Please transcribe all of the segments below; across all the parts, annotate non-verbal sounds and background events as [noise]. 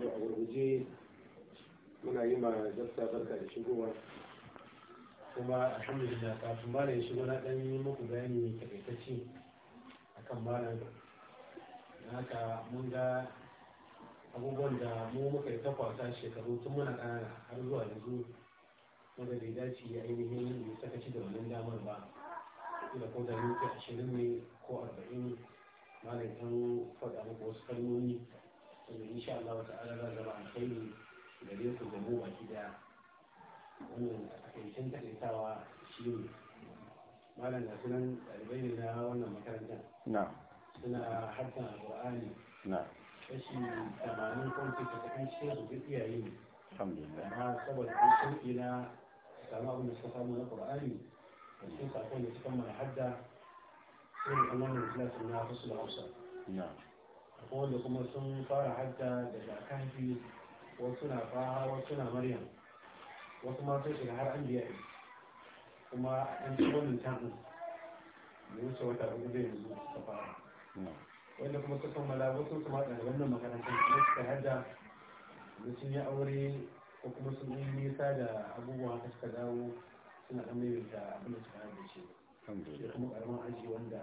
a gurguje muna yi ma dafta barka da shigowa kuma alhamdulillah kafin da ya shigo na dan yi muku bayani mai takaitacce kan malam haka mun ga abubuwan da mu muka yi takwasa shekaru tun muna ƙanana har zuwa yanzu wanda bai dace ya ainihin ya sakaci da wannan damar ba da ko da minti ashirin ne ko arba'in malam ta faɗa muku wasu kalmomi wanda insha Allah ta'ala za zama alkhairi gare ku da mu baki daya wannan takaicin takaitawa shi ne malam da sunan ɗalibai ne na wannan makarantar suna harkar alƙur'ani kashi tamanin kwanci ta tafi cikin su duk iyaye ne amma saboda an sauƙi na samu abin da suka samu na ƙur'ani da sun sakon da suka mana hadda sun kamar da suna na fasu da hausa wanda kuma sun fara hajja daga kafi wasu na faha wasu na maryam wasu ma sun shiga har an biya kuma an ci wannan tanin da wuce wata abu zai yanzu ta fara wanda kuma su da wasu su ma da wannan makarantar ne suka hajja da sun yi aure ko kuma sun yi nisa da abubuwa haka suka dawo suna ɗan da abin da suka hajji shi da kuma ƙaramin aji wanda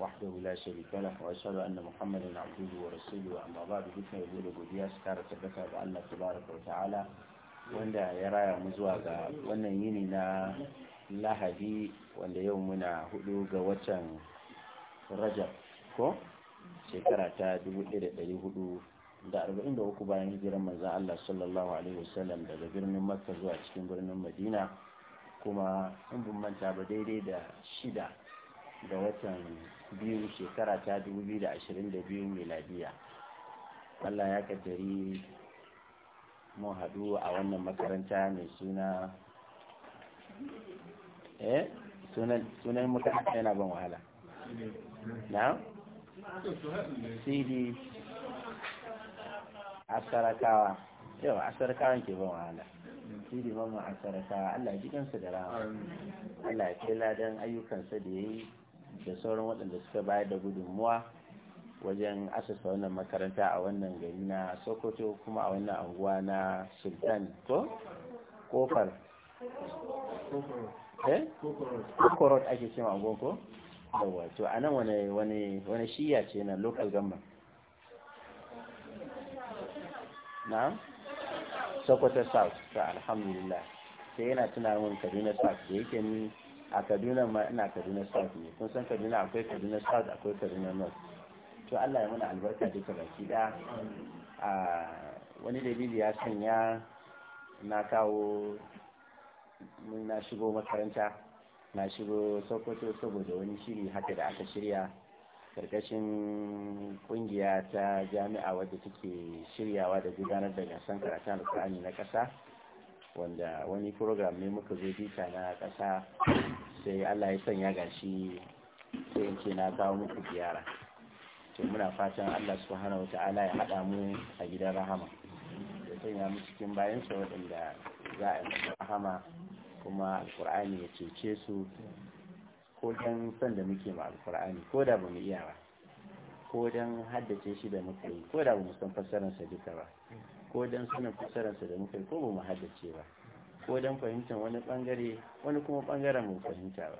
وحده لا شريك له واشهد ان محمدا عبده ورسوله اما بعد بكنا يقول godiya su kara الله تبارك وتعالى tabaraka wa ta'ala wanda ya wannan yini na Lahadi wanda yau muna hudu ga watan Rajab ko shekara ta 1443 bayan hijiran manzon Allah sallallahu alaihi wasallam daga birnin Makka zuwa cikin birnin Madina kuma in bin manta ba daidai da shida ga watan biyu shekara ta 2022 miladiya Allah ya kaddari mu haɗu a wannan makaranta mai suna eh sunan makaranta yana ban wahala na cd asarakawa yau asarakawan ke ban wahala cd ban asarakawa Allah ya kansa da rama Allah ya kai ladan ayyukansa da ya yi da sauran waɗanda suka bayar da gudunmuwa wajen asasa wannan makaranta a wannan gari na sokoto kuma a wannan anguwa na sultan ko kofar eh kokorot ake ce ma anguwan ko yawa to a nan wani wani shiya ce na local government na sokoto south ta alhamdulillah sai yana tunanin min kaduna south da yake ni a kaduna ma ina kaduna south ne kun san kaduna akwai kaduna south akwai kaduna north to allah ya muna albarka duka baki a wani dalili ya sanya na kawo na shigo makaranta na shigo sokoto saboda wani shiri haka da aka shirya karkashin kungiya ta jami'a wadda take shiryawa da gudanar da gasan karatun alkur'ani na ƙasa wanda wani program ne muka zo bita na ƙasa sai Allah ya sanya gashi sai in ce na kawo muku ziyara to muna fatan Allah subhanahu wataala ya haɗa mu a gidan rahama ya sanya mu cikin bayansa waɗanda za a yi rahama kuma alqur'ani ya cece su ko dan san da muke ma alkur'ani ko da bamu iya ba ko dan haddace shi da muke ko da bamu san sa duka ba ko don sanin fassararsa da muka ko ba mu haddace ba ko don fahimtar wani bangare wani kuma bangaren mu fahimta ba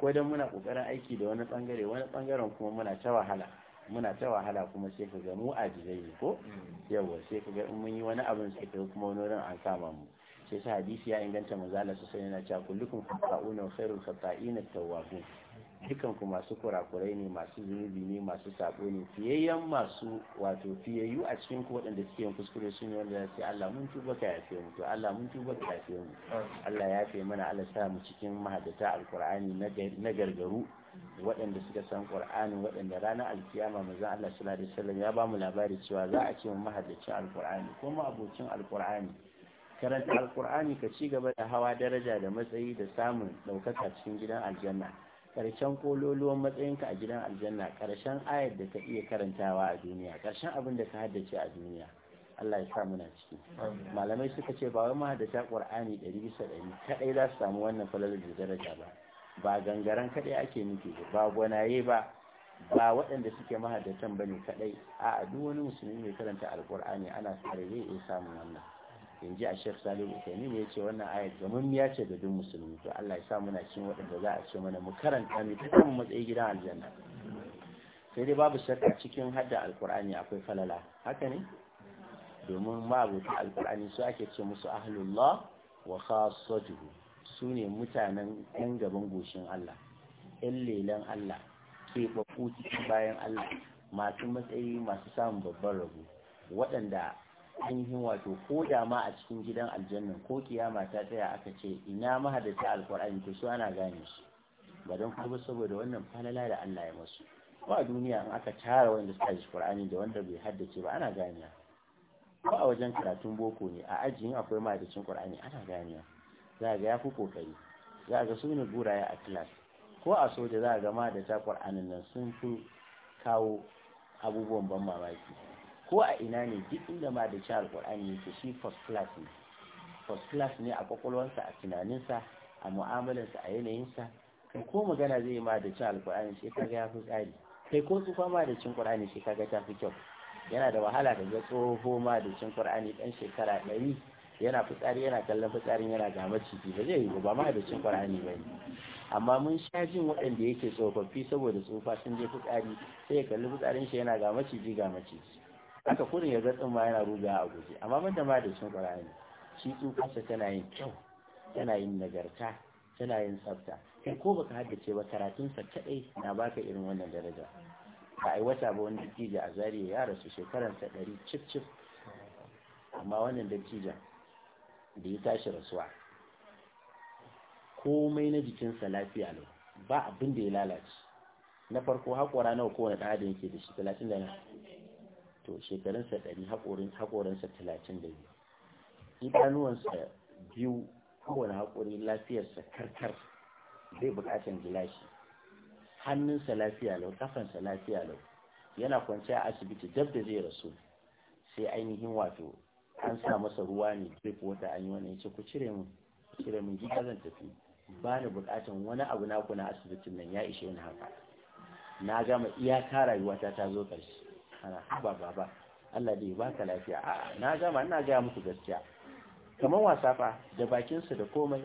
ko don muna kokarin aiki da wani bangare wani bangaren kuma muna ta wahala muna ta wahala kuma sai ka ga mu ajizai ne ko yawa sai ka ga in mun yi wani abin sai ka kuma wani wurin an kama mu sai sa hadisi ya inganta manzala sosai yana cewa kullukum fa'una wa khairul khata'ina at-tawwabun dukan ku masu kurakurai ne masu zunubi ne masu sabo ne fiyayyen masu wato fiyayyu a cikin ku waɗanda suke yin kuskure sun yi wanda sai Allah mun tuba ka yafe mu to Allah mun tuba ka yafe mu Allah ya yafe mana Allah sa mu cikin mahadata alqur'ani na gargaru waɗanda suka san qur'ani waɗanda ranar alkiyama manzon Allah sallallahu alaihi wasallam ya ba mu labari cewa za a ce mu mahadacin alqur'ani mu abocin alqur'ani karanta alqur'ani ka ci gaba da hawa daraja da matsayi da samun ɗaukaka cikin gidan aljanna karshen kololuwan matsayinka a gidan aljanna karshen ayar da ka iya karantawa a duniya karshen abin da ka haddace a duniya Allah ya sa muna ciki malamai suka ce ba wai mahaddata Qur'ani 100% kadai za su samu wannan falalar da daraja ba ba gangaren kadai ake miki ba gwanaye ba ba waɗanda suke mahaddatan bane kadai a duk wani musulmi mai karanta alqur'ani ana sa rai zai iya samun wannan in ji a shek salim ukaini ne ya ce wannan ayat gamammiya ce da duk musulmi to allah ya sa muna cin waɗanda za a ce mana mu karanta ne ta samun matsayi gidan aljanna sai dai babu shakka cikin hadda alkur'ani akwai falala haka ne domin ma'abuta alkur'ani su ake ce musu ahlullah wa khasatuhu su ne mutanen yan gaban goshin allah yan lelan allah ke babu cikin bayan allah masu matsayi masu samun babban rabu waɗanda ainihin wato ko da ma a cikin gidan aljannan ko kiyama ta tsaya aka ce ina mahadata alkur'ani to su ana gane shi. ba don kuma saboda wannan falala da Allah ya masu ba duniya in aka tara wanda suka ji qur'ani da wanda bai haddace ba ana ganiya ko a wajen karatun boko ne a ajiyin akwai mahaddacin qur'ani ana ganiya za ga yafi kokari za ga su ne a class ko a soja za ga ta qur'anin nan sun fi kawo abubuwan ban mamaki ko a ina ne duk inda ma da cin alkur'ani yake shi first class ne first class ne a kwakwalwarsa a tunaninsa a mu'amalarsa a yanayinsa kai ko magana zai ma da cin alƙur'ani sai ya fi tsari kai ko tsufa ma da cin qur'ani sai ga ta fi kyau yana da wahala da ga tsoho ma da cin ƙur'ani dan shekara ɗari yana fitsari yana kallon fitsarin yana ga maciji ba zai yi ba ma da cin ƙur'ani ba amma mun sha jin waɗanda yake tsofaffi saboda tsufa sun je fitsari sai ya kalli fitsarin shi yana ga maciji ga maciji aka kurin ya gatsin ma yana rubi a guje amma banda ma da shin ne. shi tsukarsa tana yin kyau tana yin nagarta tana yin tsafta kai ko baka haddace ba karatunsa kadai na baka irin wannan daraja ba ai wata ba wani dattijo a zariya ya rasu ta ɗari cif cif amma wannan dattijan da ya tashi rasuwa komai na jikinsa lafiya lau ba abin da ya lalace na farko haƙora nawa kowane ɗan adam yake da shi talatin da na to shekarunsa ɗari haƙorinsa talatin da biyu idanuwansa biyu kowane haƙori lafiyarsa karkar zai buƙatar gilashi hannunsa lafiya lau kafansa lafiya lau yana kwance a asibiti dab da zai rasu sai ainihin wato an sa masa ruwa ne drip wata an yi wani ya ce ku cire mu cire mu gida zan tafi ba ni buƙatar wani abu na kuna asibitin nan ya ishe ni haka na gama iyaka rayuwata ta zo ƙarshe ana haba baba Allah dai baka lafiya a na gama ina ga muku gaskiya kamar wasa da bakin su da komai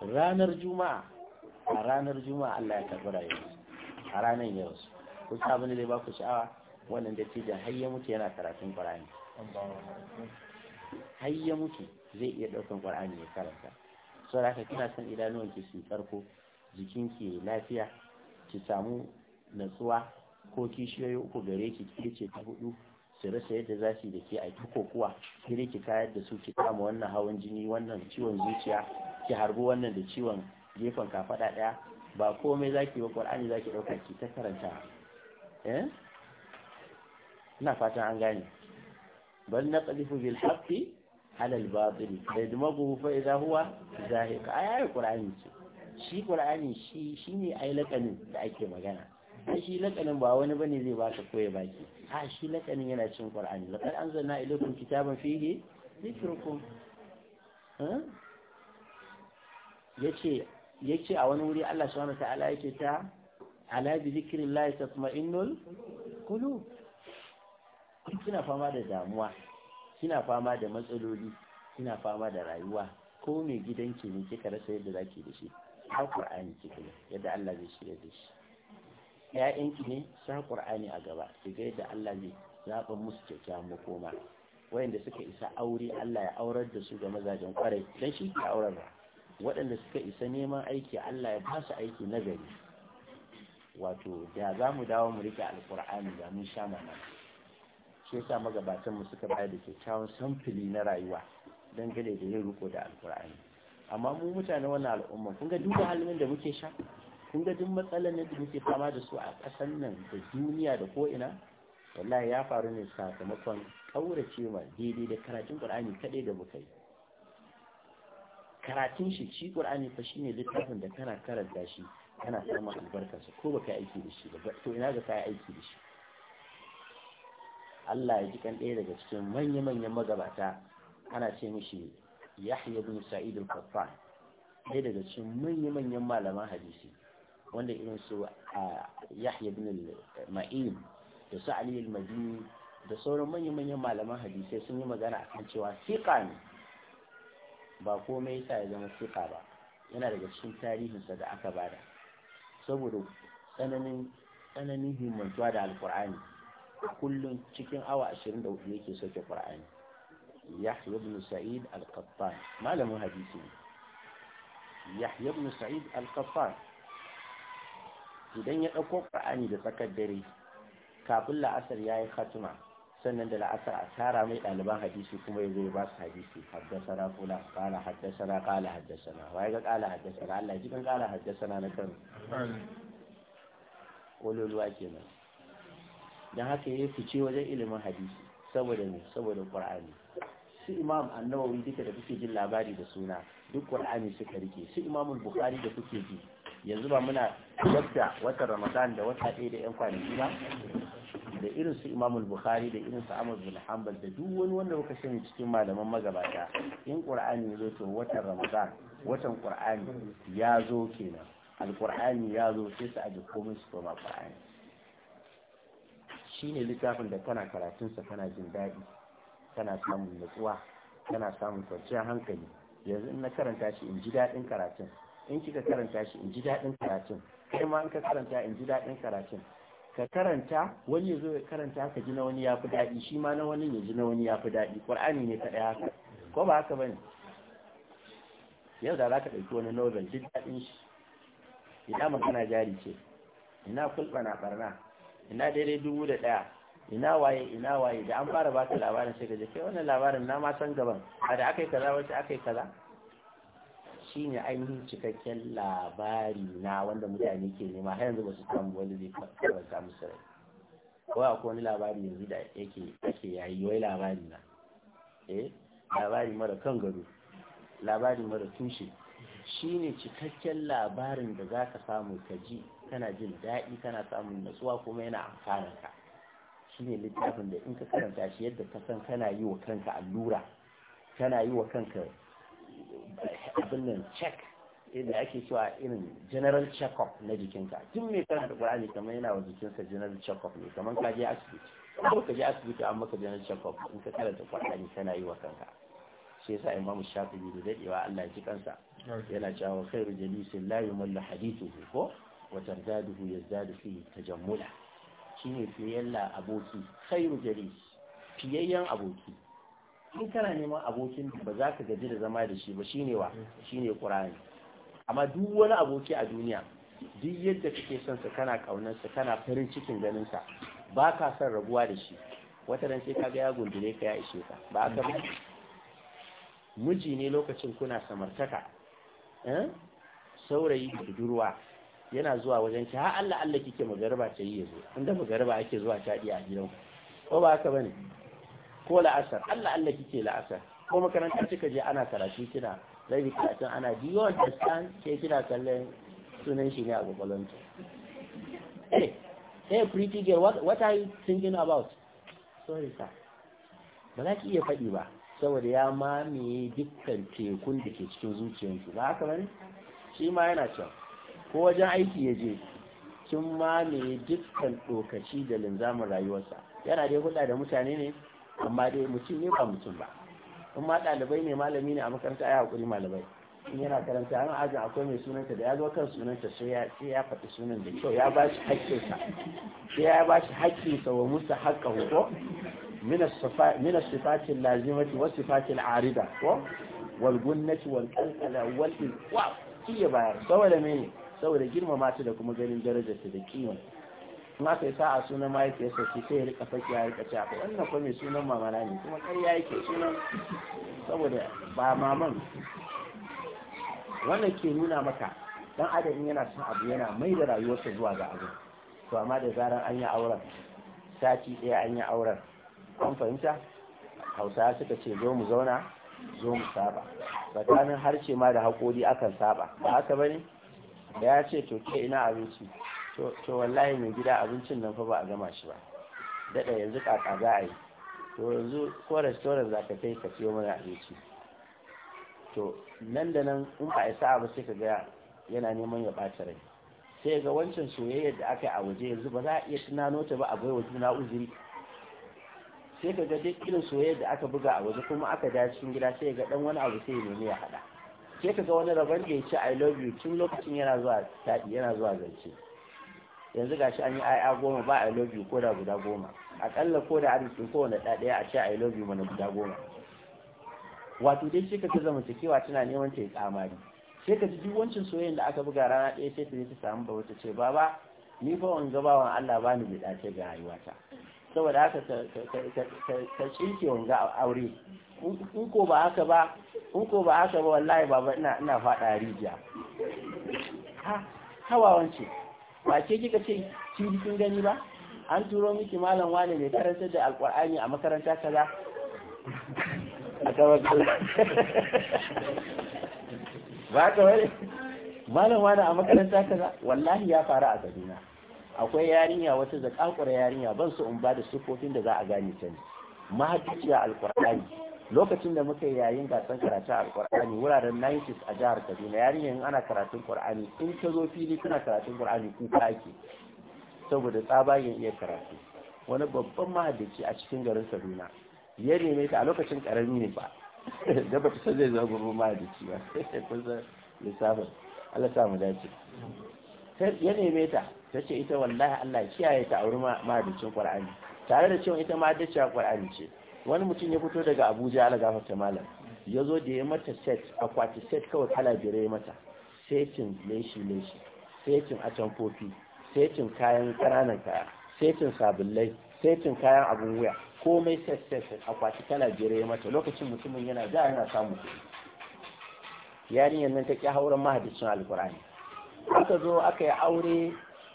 ranar juma'a a ranar juma'a Allah ya karbi rayuwa a ranar yau ku sa abin da zai baku sha'awa wannan da tijan har ya yana karatun Qur'ani har ya zai iya daukan Qur'ani ya karanta da haka kina san idanuwanki su farko jikinki lafiya ki samu natsuwa ko kishiyoyi uku gare ki ki ce ta hudu su rasa yadda za su yi da ke a ta kokuwa kire ki kayar da su ki kama wannan hawan jini wannan ciwon zuciya ki harbi wannan da ciwon gefen kafada daya ba komai za ki ba za ki dauka ki ta karanta eh ina fatan an gane bal naqdifu bil haqqi babiri bai batil buhu fa idha huwa zahiq ayar qur'ani ce shi qur'ani shi shine ayi lakanin da ake magana a shi lakanin ba wani bane zai baka koya baki a shi lakanin yana cin qur'ani laqad anzalna ilaykum kitaban fihi dhikrukum yace yace a wani wuri Allah subhanahu wataala yake ta ala bi dhikrillahi tatma'innul qulub kina fama da damuwa kina fama da matsaloli kina fama da rayuwa ko me gidanki ne kika rasa yadda zaki da shi har Qur'ani kika yadda Allah zai shirya da shi yayanki ne sa qur'ani a gaba su ga yadda Allah zai zaɓa musu mu koma wayanda suka isa aure Allah ya aurar da su ga mazajen kwarai dan shi ke aurar waɗanda suka isa neman aiki Allah ya ba su aiki gari wato da za mu dawo mu rike alkur'ani da mun sha mana shi yasa magabatanmu suka bayar da kyakkyawan samfili na rayuwa dangane da yin riko da alkur'ani amma mu mutane wannan al'umma kun ga duk halin da muke sha kun ga duk matsalar da muke fama da su a ƙasar nan da duniya da ko'ina wallahi ya faru ne sakamakon ƙaurace ma daidai da karatun ƙur'ani kaɗai da muka yi karatun shi shi ƙur'ani fa shine littafin da kana karanta shi kana samun albarkarsa ko baka aiki da shi ba to ina ga kai aiki da shi Allah ya ji kan ɗaya daga cikin manya-manyan magabata ana ce mishi Yahya bin Sa'id al-Qattan ɗaya daga cikin manya-manyan malaman hadisi wanda irin su yahya bin ma'in da su ali al-madini da sauran manya-manyan malaman hadisai sun yi magana a kan cewa siƙa ne ba komai sa ya zama siƙa ba yana daga cikin tarihinsa da aka bada saboda tsananin tsananin himmantuwa da alkur'ani kullum cikin awa 24 yake sauke Ƙur'ani. yahya bin sa'id al-qattan malamin hadisi yahya bin sa'id al-qattan idan ya ɗauko ƙur'ani da tsakar dare kafin la'asar ya yi hatima, sannan da la'asar a tara mai ɗaliban hadisi kuma ya zai ba su hadisi na kula ƙala na, ƙala haddasana waye ga ƙala haddasana Allah ji kan ƙala haddasa na kan ƙololuwa nan. don haka ya fice wajen ilimin hadisi saboda ne saboda ƙur'ani su imam annawawi duka da kuke jin labari da suna duk ƙur'ani suka rike su imamun bukari da kuke ji yanzu ba muna yadda watan ramadan da wata ɗaya da 'yan kwanaki ba da irin su imamul bukhari da irin su amur bin hanbal da duk wani wanda muka sani cikin malaman magabata in ƙur'ani ya zo to watan ramadan watan ƙur'ani ya zo kenan alƙur'ani ya zo sai su aji komai su koma Shi shine littafin da kana karatun sa kana jin daɗi kana samun nutsuwa kana samun kwanciyar hankali yanzu in na karanta shi in ji daɗin karatun in kika karanta shi in ji daɗin karatun kai ma in ka karanta in ji daɗin karatun ka karanta wani ya zo ya karanta ka ji na wani ya fi daɗi shi ma na wani ya ji na wani ya fi daɗi ƙwar'ani ne ka ɗaya haka ko ba haka ba ne yau da za ka ɗauki wani novel ji daɗin shi ina magana jari ce ina kulɓa na ɓarna ina daidai dubu da ɗaya ina waye ina waye da an fara bata labarin sai ka je kai wannan labarin na ma san gaban a da aka yi kaza wacce aka yi kaza ne ainihin cikakken labari na wanda mutane ke nema har yanzu ba su samu wanda zai karanta musu rai ko akwai wani labari yanzu da yake ake yayi wai labari na eh labari mara kan gado labari mara tushe Shi ne cikakken labarin da za ka samu ka ji kana jin daɗi kana samun natsuwa kuma yana amfana ka ne littafin da in ka karanta shi yadda ka san kana yi wa kanka allura kana yi wa kanka abin nan check da ake cewa irin general check-up na jikinka tun mai kan da ƙwararri kamar yana wa jikinsa general check-up ne kamar kaje je asibiti ko kaje asibiti an maka general check-up in ka karanta ƙwararri tana yi wa kanka shi yasa imamu shafi da daɗewa allah ji kansa yana cewa khairu jalisin la yumallu hadithuhu ko wa tardaduhu yazdadu fi tajammula shine fiyayyen aboki khairu jalis fiyayyen aboki in kana neman abokin ba za ka gaji da zama da shi ba shine wa shine qur'ani amma duk wani aboki a duniya duk yadda kake son sa kana kaunar sa kana farin cikin ganin sa ba ka son rabuwa da shi wata ran sai ga ya gundure ka ya ishe ka ba ka miji ne lokacin kuna samartaka eh saurayi da budurwa yana zuwa wajen ki har Allah Allah kike magarba ta yi yazo inda magarba ake zuwa ta a gidan ko ba haka bane ko la'asar Allah Allah kike la'asar ko makaranta kika je ana karatu kina zai karatun ana do you understand ke kina kallon sunan shi ne a gwagwalon hey hey pretty girl what, what are you thinking about sorry sir ba za ki iya faɗi ba saboda ya mamaye dukkan tekun da ke cikin zuciyarki ba haka bane shi ma yana can ko wajen aiki ya je kin mamaye dukkan ɗokaci da linzamin rayuwarsa yana dai hulɗa da mutane ne amma dai mutum ne ba mutum ba in ma ɗalibai ne malami ne a makaranta ya haƙuri malamai in yana karanta an ajin akwai mai sunanta da ya zo kan sunanta sai ya ya faɗi sunan da kyau ya bashi haƙƙinsa sai ya bashi haƙƙinsa wa musa haƙƙa hukum min as-sifati al-lazimati wa sifati al-arida ko wal gunnati wal qalqala wal wa iya bayar saboda mene saboda girmama ta da kuma ganin darajarta da kimanta ma kai sa a sunan mahaifiyarsa shi sai ya rika saki ya rika ci abu wannan kuma mai sunan mamana ne kuma ƙarya yake sunan saboda ba maman wannan ke nuna maka dan adam yana son abu yana mai da rayuwarsa zuwa ga abu to amma da zarar an yi auren sati ɗaya an yi auren an fahimta hausa suka ce zo mu zauna zo mu saba tsakanin harshe ma da haƙori akan saba ba haka bane da ya ce to ke ina abinci to wallahi mai gida abincin nan fa ba a gama shi ba daɗa yanzu kaka za a yi to yanzu ko restaurant za ka kai ka siyo mana abinci to nan da nan in ba a isa ba sai ka ga yana neman ya ɓata rai sai ga wancan soyayyar da aka yi a waje yanzu ba za a iya tunano ta ba a baiwa juna uzuri sai ka ga duk irin soyayyar da aka buga a waje kuma aka da cikin gida sai ga dan wani abu sai ya nemi ya hada sai ka ga wani rabon da ya ce i love you tun lokacin yana zuwa daɗi yana zuwa zance yanzu gashi an yi aya goma ba i love you ko da guda goma akalla ko da arziki ko wanda ɗaya a ce i love you mana guda goma wato dai shi ka ta zamantakewa tana neman ta yi kamari sai ka ji duk wancan soyayyar da aka buga rana ɗaya sai ta je ta samu baba ta ce baba ni fa wanga bawan Allah ba ni bida ce ga rayuwata saboda haka ta cinke wanga aure in ko ba haka ba in ko ba haka ba wallahi baba ina ina faɗa rijiya ha hawa wance ba ke kika ce kin kin gani ba an turo miki malam wani mai karanta da alkur'ani a makaranta kaza a kawai ba ka wani malam wani a makaranta kaza wallahi ya faru a kaduna akwai yarinya wata zakakura yarinya ban su in ba da sufofin da za a gane can ne alkur'ani lokacin da muka yi yayin gasar karatu a alkur'ani wuraren 90s a jihar kaduna yarinyar ana karatun kur'ani in ta zo fili kuna karatun kur'ani kuka ake saboda tsabagen iya karatu wani babban mahaddaci a cikin garin kaduna ya neme ta a lokacin karami ne ba [laughs] da ba ta san zai zama babban mahaddaci ba [laughs] kusan lissafin allah sa mu dace ya neme ta ta ce ita wallahi allah kiyaye ta a wurin mahaddacin kur'ani tare da cewa ita ma a ce wani mutum ya fito daga abuja ala gafarta malam ya zo da ya mata set akwati set kawai kala biyar ya mata setin leshi leshi setin atamfofi setin kayan ƙananan kaya setin sabullai setin kayan abin wuya komai set set akwati kala biyar ya mata lokacin mutumin yana da yana samun kuɗi yarinyar nan ta ƙi hauren mahadicin alkur'ani aka zo aka yi aure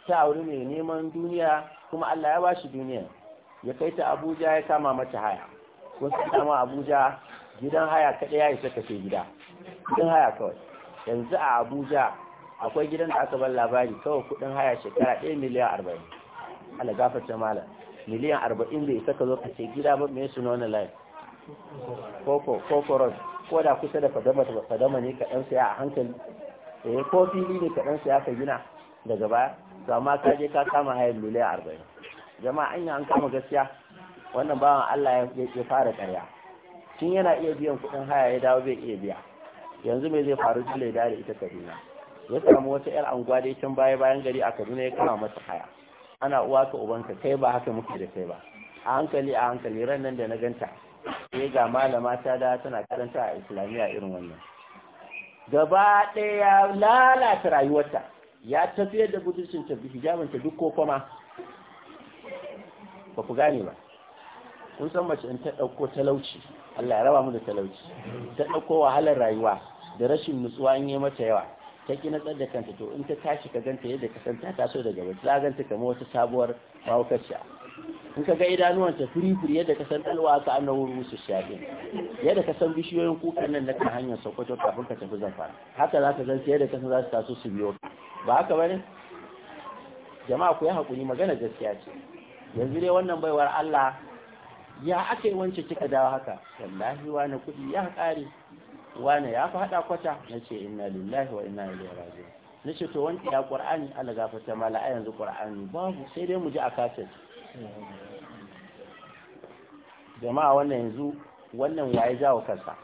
ta aure mai neman duniya kuma allah ya ba shi duniya ya kai ta abuja ya kama mata haya wasu kama abuja gidan haya kada ya isa kafe gida gidan haya kawai yanzu a abuja akwai gidan da aka bar labari kawai kudin haya shekara ɗaya miliyan arba'in ala ta malam miliyan arba'in bai isa ka zo ka ce gida ba mai su wani layi koko koko ron ko da kusa da fadama fadama ne ka dan saya a hankali eh ko fili ne ka dan saya ka gina daga baya to amma ka je ka kama hayar miliyan arba'in jama'a an yi an kama gaskiya wannan bawan Allah ya fara karya tun yana iya biyan kuɗin haya ya dawo bai iya biya yanzu mai zai faru jule da ita Kaduna ya samu wata yar anguwa da can baya bayan gari a Kaduna ya kama masa haya ana uwa ka ubanka kai ba haka muke da kai ba a hankali a hankali ran nan da na ganta sai ga malama ta da tana karanta a islamiyya irin wannan gaba ɗaya ya lalata rayuwarta ya tafiyar da budurcin ta hijabinta duk ko kuma ba ku gane ba kun san mace in ta ɗauko talauci Allah ya raba mu da talauci ta ɗauko wahalar rayuwa da rashin nutsuwa in yi mata yawa ta ki na da kanta to in ta tashi ka ganta yadda ka san ta taso daga ganta kamar wata sabuwar mahaukaciya in ka ga idanuwan ta furi furi yadda ka san dalwa ka annan wurin yadda ka san bishiyoyin kukan nan na kan hanyar sokoto kafin ka tafi zamfara haka za ka ganta yadda ka san za su taso su biyo ba haka bane jama'a ku yi hakuri magana gaskiya ce yanzu dai wannan baiwar Allah ya aka yi wance kika dawo haka wallahi wani kudi ya kare wani ya fi hada kwata na ce inna lillahi wa inna ilaihi raji'un na ce to wani ya ƙur'ani Allah fata mala a yanzu ƙur'ani babu sai dai mu ji a kafet. jama'a wannan yanzu wannan waye jawo kansa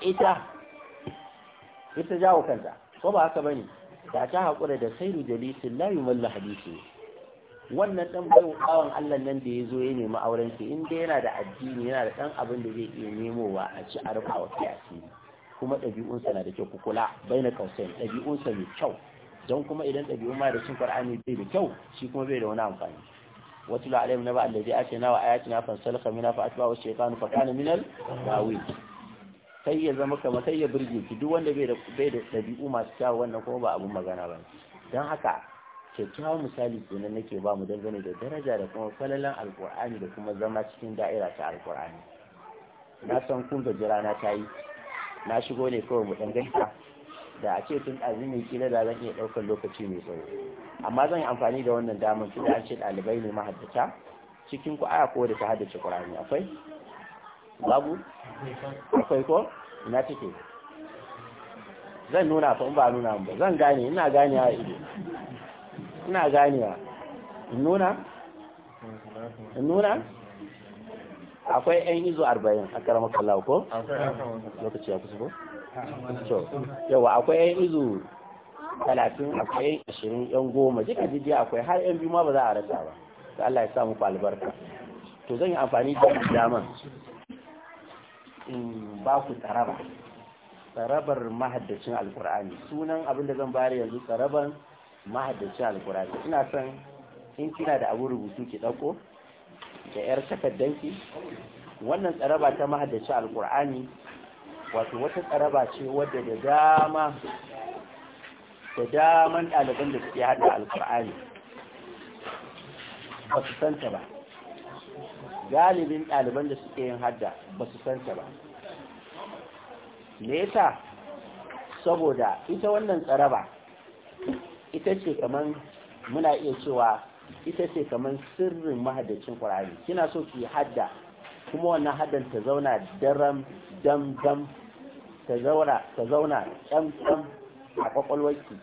ita ita jawo kansa ko ba haka bane da ta haƙura da sairu jalisin la yumalla hadisi wannan dan bayan bawan Allah nan da ya zo ya nemi auren shi in dai yana da addini yana da dan abin da zai iya nemowa a ci a wa kuma ɗabi'unsa na da kyau ku kula bai na kausayin ɗabi'unsa mai kyau don kuma idan ɗabi'un ma da cin ƙwar'ani bai da kyau shi kuma bai da wani amfani wata la'alim na ba'al da zai ce nawa a yaki na fansal kamina fa atba wa shekaru fa kana minal sai ya zama kamar sai ya burge ki duk wanda bai da ɗabi'u masu kyau wannan kuma ba abun magana ba don haka kyakkyawan misali kenan nake ba mu dangane da daraja da kuma falalan alkur'ani da kuma zama cikin da'ira ta alkur'ani na san kun da rana ta yi na shigo ne kawai mu danganta da a ce tun azumi kila da zan iya ɗaukar lokaci mai tsawo amma zan yi amfani da wannan damar tun da an ce ɗalibai ne mahaddata cikin ku aya ko da ta haddace ƙur'ani akwai babu akwai ko ina take zan nuna fa in ba nuna ba zan gane ina gane a ido ina ganewa in nuna nuna akwai yan izo arba'in a karamar kallawa ko lokaci ya kusa ko to yawa akwai yan izo talatin akwai yan ashirin yan goma jika jijiya akwai har yan biyu ma ba za a rasa ba da Allah ya samu albarka to zan yi amfani da daman in ba ku tsaraba tsarabar mahaddacin alkur'ani sunan abinda zan bayar yanzu tsaraban mahaddaci alkurani ina son in kina da abu rubutu ki ɗauko da 'yar takaddanki, wannan tsaraba ta mahaddaci alkur'ani wato wata tsaraba ce wadda da dama da daman ɗaliban da suke haɗa alkur'ani ba su santa ba galibin ɗaliban da suke yin hadda ba su santa ba me yasa saboda ita wannan tsaraba ita ce kaman muna iya cewa ita ce kaman sirrin mahaddacin Qur'ani kina so ki hadda kuma wannan haddan ta zauna daram dam dam ta zauna ta zauna ɗan ɗan a kwakwalwarki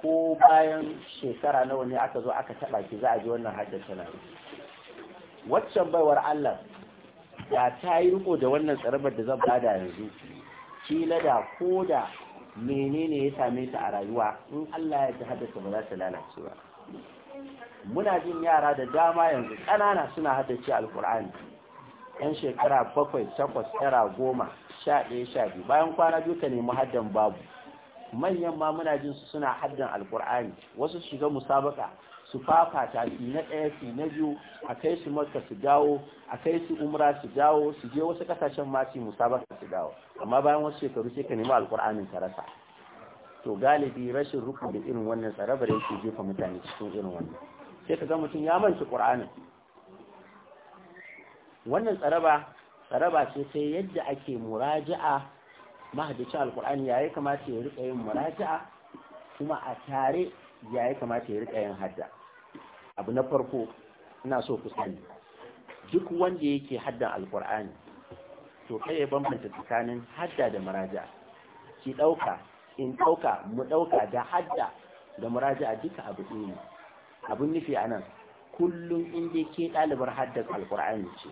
ko bayan shekara nawa ne aka zo aka taba ki za a ji wannan haddan tana waccan baiwar Allah ya ta yi riko da wannan tsarabar da zan bada yanzu kila da ko da menene ya same ta a rayuwa in Allah ya ta haddasa ba za ta lalace ba muna jin yara da dama yanzu ƙanana suna haddace alkur'ani yan shekara bakwai takwas tara goma sha ɗaya sha biyu bayan kwana biyu ta nemi haddan babu manyan ma muna jin su suna haddan alkur'ani wasu shiga musabaka su fafata su na ɗaya su na biyu a kai su makka su dawo a kai su umra su dawo su je wasu kasashen masu musabaka su dawo amma bayan wasu shekaru sai ka nemi alkur'anin ka rasa to galibi rashin ruku da irin wannan tsarabar yake jefa mutane cikin irin wannan sai ka ga mutum ya manci ƙur'anin. wannan tsaraba tsaraba ce sai yadda ake muraja'a mahadici alkur'ani ya kamata ya riƙa yin muraja'a kuma a tare ya kamata ya riƙa yin hadda abu na farko ina so ku sani duk wanda yake haddan alkur'ani to kai ya bambanta tsakanin hadda da muraja ki dauka in dauka mu dauka da hadda da muraja duka abu ne abun nufi anan kullum in dai ke dalibar haddan alkur'ani ce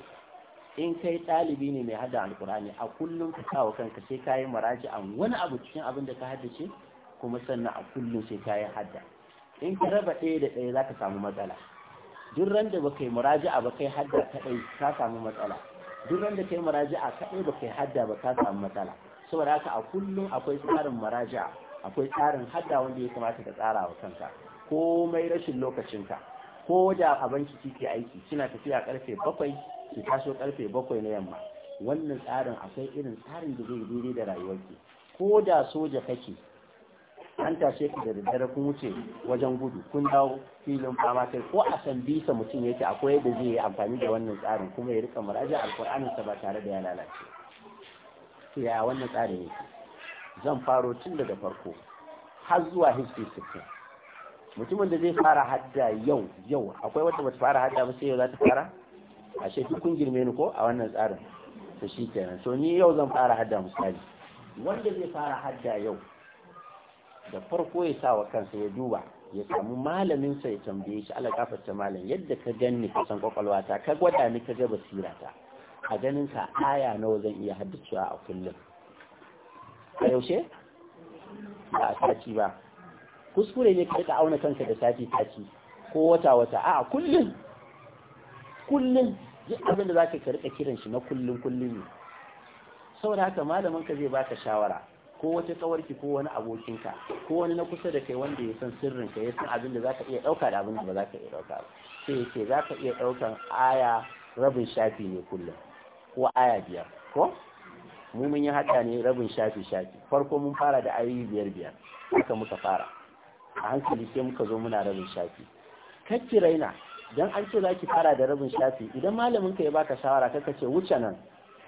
in kai ɗalibi ne mai hada alkurani a kullum ka kawo kanka sai kayi an wani abu cikin abin da ka haddace kuma sannan a kullum sai kayi hadda in ka raba ɗaya da ɗaya za ka samu matsala duk ran da baka yi ba kai hadda kaɗai ka samu matsala duk ran da kai muraja'a kaɗai baka yi hadda ba ka samu matsala saboda haka a kullum akwai tsarin muraja'a akwai tsarin hadda wanda ya kamata ka tsara wa kanka komai rashin lokacinka ko da a banki kike aiki kina tafiya karfe bakwai ki taso karfe bakwai na yamma wannan tsarin akwai irin tsarin da zai daidai da rayuwarki ko da soja kake an tashe ki da daddare kun wuce wajen gudu kun dawo filin fama kai ko a san bisa mutum yake akwai yadda zai yi amfani da wannan tsarin kuma ya rika muraja alkur'anin sa ba tare da ya lalace to ya wannan tsarin yake zan faro tun daga farko har zuwa hisbi sittin mutumin da zai fara hadda yau yau akwai wata bata fara hadda ba sai yau za ta fara ashe kun girme ni ko a wannan tsarin to shi kenan to ni yau zan fara hadda misali wanda zai fara hadda yau da farko ya sa wa kansa ya duba ya samu malamin sa ya tambaye shi ala ta malam yadda ka ganni ka san kwakwalwata ka gwada ni ka ga basirata a ganin ka aya nawa zan iya haddacewa a kullum a yaushe ba a sati ba kuskure ne ka auna kanka da sati sati ko wata wata a kullum kullum duk abin da zaka ka rika kiran shi na kullum kullum ne saboda haka malamin ka zai baka shawara ko wata kawarki ko wani abokinka ko wani na kusa da kai wanda ya san sirrin ka ya san abin da zaka iya dauka da abin da ba zaka iya dauka ba sai yake zaka iya daukan aya rabin shafi ne kullum ko aya biyar ko mu mun yi hada ne rabin shafi shafi farko mun fara da ayi biyar biyar haka muka fara a hankali sai muka zo muna rabin shafi kacci raina dan an ce zaki fara da rabin shafi idan malamin ka ya baka shawara kaka ce wuce nan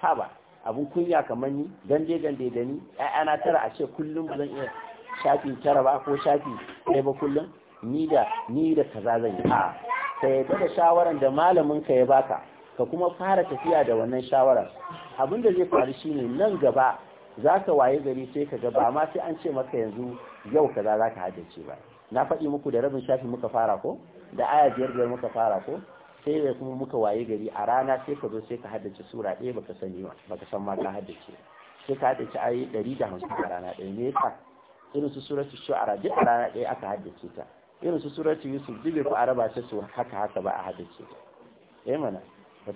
haba abun kunya kamar ni gande gande da ni ana tara a ce kullum ba zan iya shafi tara ba ko shafi ɗaya ba kullum ni da ni da kaza zan yi a sai da shawaran da malamin ka ya baka ka kuma fara tafiya da wannan shawaran abin da zai faru shine nan gaba za ka waye gari sai ka ga ba ma sai an ce maka yanzu yau kaza za ka haddace ba na faɗi muku da rabin shafi muka fara ko da aya biyar biyar muka fara ko sai ya kuma muka waye gari a rana sai ka zo sai ka haddace sura ɗaya baka sani ba baka san ma ka haddace sai ka haddace ayi 150 a rana ɗaya ne ka irin su suratu shu'ara duk a rana ɗaya aka haddace ta irin su suratu yusuf duk ba a raba ta su haka haka ba a haddace ta eh mana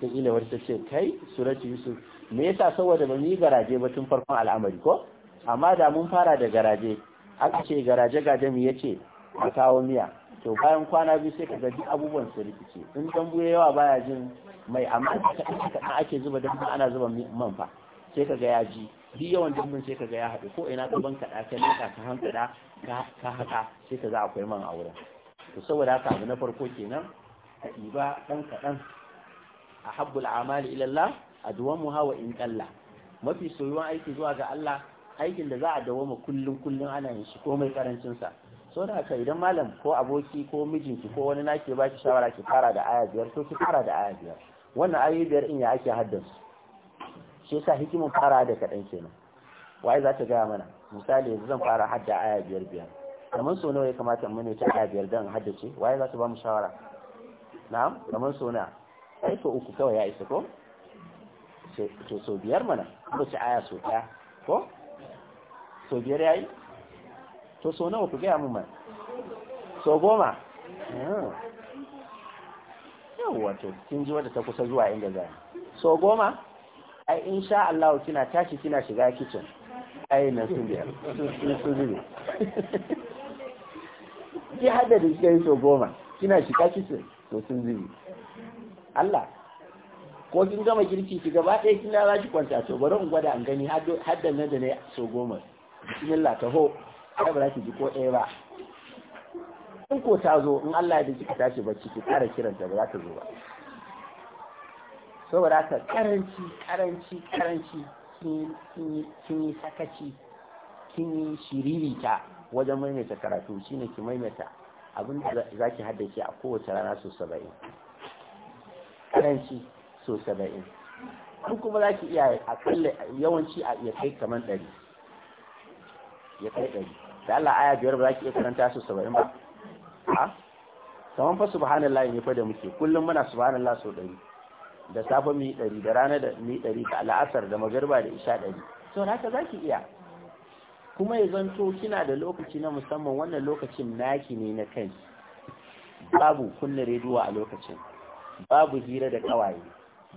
ila wani ta ce kai suratu yusuf me yasa saboda ba mu yi garaje ba tun farkon al'amari ko amma da mun fara da garaje aka ce garaje gaje ya ce a kawo miya to bayan kwana biyu sai ka gaji abubuwan su rikice in dambu ya yawa baya jin mai amma kaɗan ake zuba dambu ana zuba man fa sai ka ga ya ji duk yawan dambun sai ka ga ya haɗu ko ina ka ban ka leka ka ka haka sai ka za akwai man a wurin to saboda haka abu na farko kenan ka ɗiba ɗan kaɗan a habbul amali ilallah a duwamu hawa in ƙalla mafi soyuwan aiki zuwa ga Allah aikin da za a dawoma kullum kullum ana yin shi komai sa so da haka idan malam ko aboki ko mijinki ko wani nake ba ki shawara ki fara da aya biyar to ki fara da aya biyar wannan ayoyi biyar in ya ake haddasu shi yasa hikimin fara da kaɗan kenan waye za ta gaya mana misali yanzu zan fara hadda aya biyar biyar kamar so nawa ya kamata mu ne ta aya biyar dan haddace waye za ta ba mu shawara na'am kamar so na sai to uku kawai ya isa ko to so biyar mana ko ci aya so ɗaya ko so biyar yayi to so nawa ku gaya mun mai so goma ah. yawwa to kin ji wadda ta kusa zuwa inda za so goma ai insha Allah kina tashi kina shiga kitchen ai na sun biya sun zube [laughs] ki hada da kai so goma kina shiga kitchen to sun zube Allah ko kin gama girki ki gaba ɗaya kina za ki kwanta to bari in gwada an gani hadda da nan da ne so goma bismillah taho ai ba za ki ji ko ɗaya ba in ko ta zo in Allah ya da kika tashi bacci ki kiran kiranta ba za ta zo ba za haka karanci karanci karanci kin yi sakaci kin yi shiririta wajen maimaita karatu shine ki maimaita abin da za ki haddace a kowace rana so saba'in karanci so saba'in in kuma za ki iya akalla yawanci ya kai kamar ɗari ya kai ɗari da Allah aya biyar ba za ki iya karanta su saba'in ba a kaman fa subhanallahi ne fa da muke kullum muna subhanallah sau ɗari da safe mi ɗari da rana da mi ɗari da al'asar da magarba da isha ɗari to za ki iya kuma ya zanto kina da lokaci na musamman wannan lokacin naki ne na kai babu kunna rediyo a lokacin babu hira da kawaye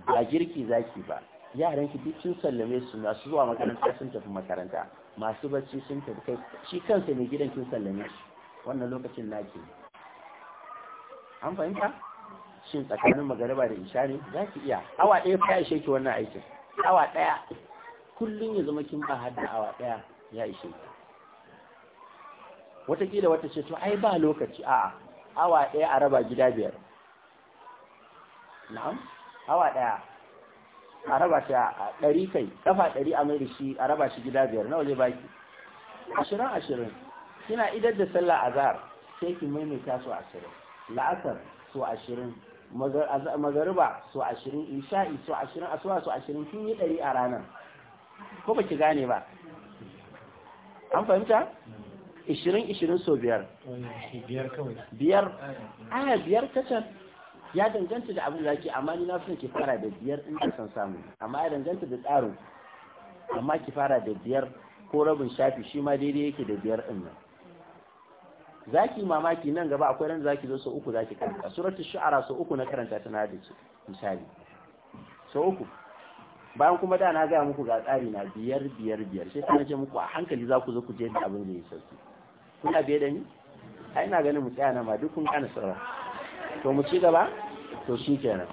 ba girki zaki ba yaran ki duk sun sallame su na su zuwa makaranta sun tafi makaranta masu bacci sun tafi kai shi kansa mai gidan kin sallame shi wannan lokacin naki an fahimta shin tsakanin magariba da isha ne za ki iya awa ɗaya fa ya ishe ki wannan aikin awa ɗaya kullum ya zama kin ba har da awa ɗaya ya ishe ki watakila wata ce to ai ba lokaci a'a awa ɗaya a raba gida biyar na'am awa ɗaya a raba shi a ɗari kai ƙafa ɗari a mai da shi a raba shi gida biyar nawa zai baki ashirin ashirin kina idar da sallah azhar sai ki maimaita su ashirin la'asar su ashirin magariba su ashirin isha'i su ashirin asuwa su ashirin kin yi ɗari a ranar ko ba ki gane ba an fahimta ishirin ishirin so biyar biyar kawai aya biyar kacan ya danganta da abin da zaki amma ni na fi ki fara da biyar in san samu amma ya danganta da tsarin amma ki fara da biyar ko rabin shafi shi ma daidai yake da biyar din nan zaki mamaki nan gaba akwai ran zaki zo sau uku zaki karanta suratul shu'ara sau uku na karanta tana da ce misali sau uku bayan kuma da na gaya muku ga tsari na biyar biyar biyar sai ta nace muku a hankali za ku zo ku je da abin da ya sauki kuna biye da ni ai na ganin mu tsaya na ma duk kun kana saurara to mu ci gaba to shi kenan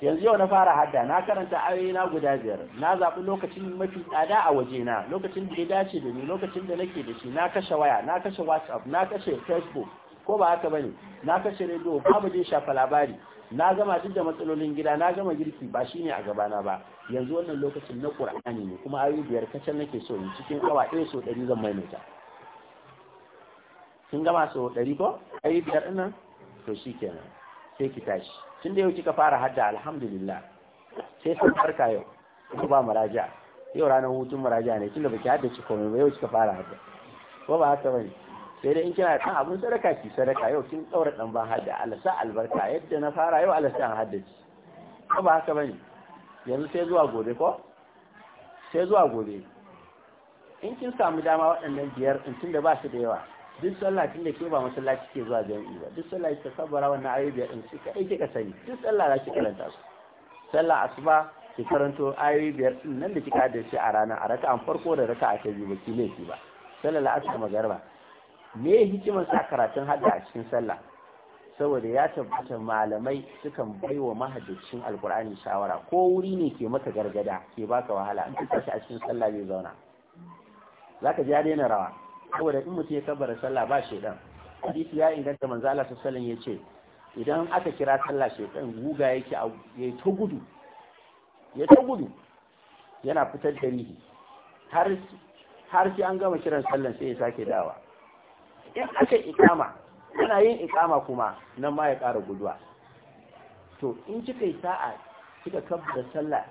yanzu yau na fara hadda na karanta ayoyi na guda biyar na zaɓi lokacin mafi tsada a waje na lokacin da ya dace da ni lokacin da nake da shi na kashe waya na kashe whatsapp na kashe facebook ko ba haka bane na kashe rediyo babu je shafa labari na gama duk da matsalolin gida na gama girki ba shine a gabana ba yanzu wannan lokacin na qur'ani ne kuma ayoyi biyar kacal nake so ni cikin awa ɗaya so ɗari zan maimaita kin gama so ɗari ko ayoyi biyar ɗin nan to shikenan sai ki tashi tun da yau kika fara hadda alhamdulillah sai sun farka yau ku ba muraja yau ranar hutun muraja ne tun da baki hadda ci komai ba yau kika fara hadda ko ba haka bane sai dai in kina da abun sadaka ki sadaka yau kin daura dan ban hadda Allah sa albarka yadda na fara yau Allah sa hadda ki ko ba haka bane yanzu sai zuwa gobe ko sai zuwa gobe in kin samu dama waɗannan biyar in da ba su da yawa duk sallah tun da ke ba masallaci ke zuwa jami'i ba duk sallah ita sabara wannan ayoyi biyar din su kai kika sani duk sallah za ki karanta su sallah asuba ki karanto ayoyi biyar din nan da kika da shi a rana a raka an farko da raka a biyu ba ki laifi ba sallah la'asar magarba me hikimar sa karatun hadda a cikin sallah saboda ya tabbata malamai sukan bai wa mahaddacin alkur'ani shawara ko wuri ne ke maka gargada ke baka wahala in ka tashi a cikin sallah zai zauna zaka ji ya daina rawa saboda in mutum ya kabbara sallah ba shaidan hadisi ya inganta manzo Allah sallallahu ya ce idan aka kira sallah shaidan guga yake ya ta gudu ya ta gudu yana fitar da rihi har har sai an gama kiran sallan sai ya sake dawa in aka ikama ana yin ikama kuma nan ma ya ƙara guduwa to in kika yi sa'a kika kabbara sallah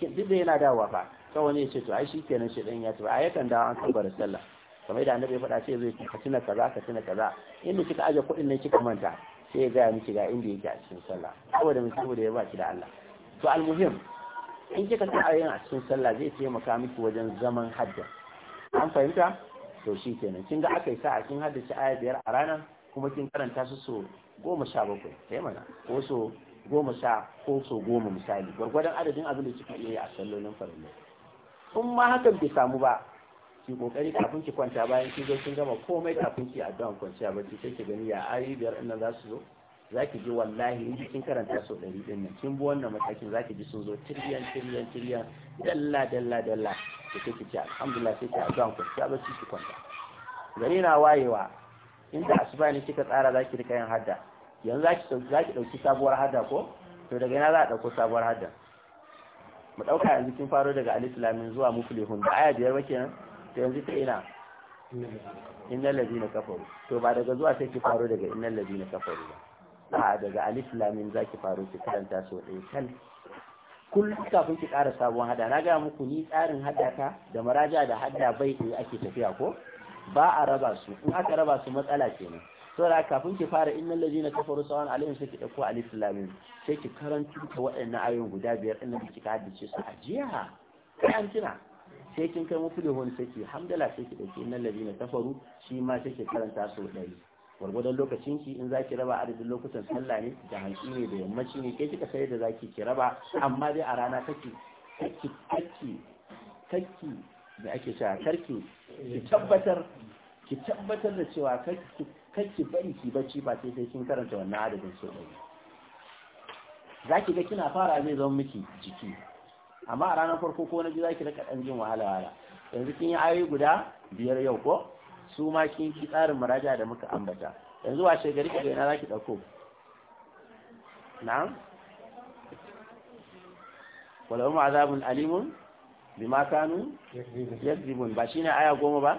duk da yana dawa fa kawai ne ya ce to ai shi shi shedan ya tafi yakan dawa an kabbara sallah kamar da annabi ya faɗa sai zai ka tuna kaza ka tuna kaza inda kika aje kuɗin nan kika manta sai ya gaya miki ga inda yake a cikin sallah saboda mun saboda ya baki da Allah to almuhim in kika sa ayoyin a cikin sallah zai taimaka miki wajen zaman hadda an fahimta to shi kenan kin ga aka yi a kin haddace aya biyar a ranar kuma kin karanta su so goma sha bakwai sai mana ko so goma sha ko so goma misali gwargwadon adadin abin da kika iya a sallolin farilla in ma hakan bai samu ba ki kokari kafin ki kwanta bayan ki zo kin gama komai kafin ki addu'a kwanciya bacci sai ki gani ya ayi biyar din nan za su zo zaki ji wallahi in kin karanta so 100 din nan kin bi wannan matakin zaki ji sun zo tiriyan tiriyan tiriyan dalla dalla dalla ki kike ci alhamdulillah sai ki addu'a kwanciya bacci ki kwanta gani na wayewa inda asuba ne kika tsara zaki rika yin hadda yanzu zaki zaki dauki sabuwar hadda ko to daga yana za a dauko sabuwar hadda mu dauka yanzu kin faro daga alif lamin zuwa muflihun da aya biyar ba kenan to yanzu ta ina innal ladina kafaru to ba daga zuwa sai ki faro daga innal ladina kafaru ba a daga alif lam za zaki faro ki karanta so ɗaya kan kullum kafin ki ƙara sabon hada na gaya muku ni tsarin ta da maraja da hadda bai ke ake tafiya ko ba a raba su in aka raba su matsala kenan saboda kafin ki fara innal ladina kafaru sawan alaihim sai ki dauko alif lam sai ki karanta ta waɗannan ayoyin guda biyar din da kika haddace su a jiya kai an tuna sai kin kai muflihun sai ki hamdala sai ki dauki innal ladina kafaru shi ma sai ki karanta sau ɗari gwargwadon lokacin ki in zaki raba adadin lokutan sallah ne da hanci ne da yammaci ne kai kika sai da zaki ki raba amma dai a rana kake kake kake kake da ake cewa karki ki tabbatar ki tabbatar da cewa kake kake bari ki bacci ba sai sai kin karanta wannan adadin sau ɗari zaki ga kina fara zai zama miki jiki amma a ranar farko ko na biyu zaki rika dan jin wahala wahala yanzu kin yi ayoyi guda biyar yau ko su ma kin ki tsarin muraja da muka ambata yanzu wa washe gari kaga ina zaki dauko na'am wala hum azabun alimun bima kanu yakzibun ba shine aya goma ba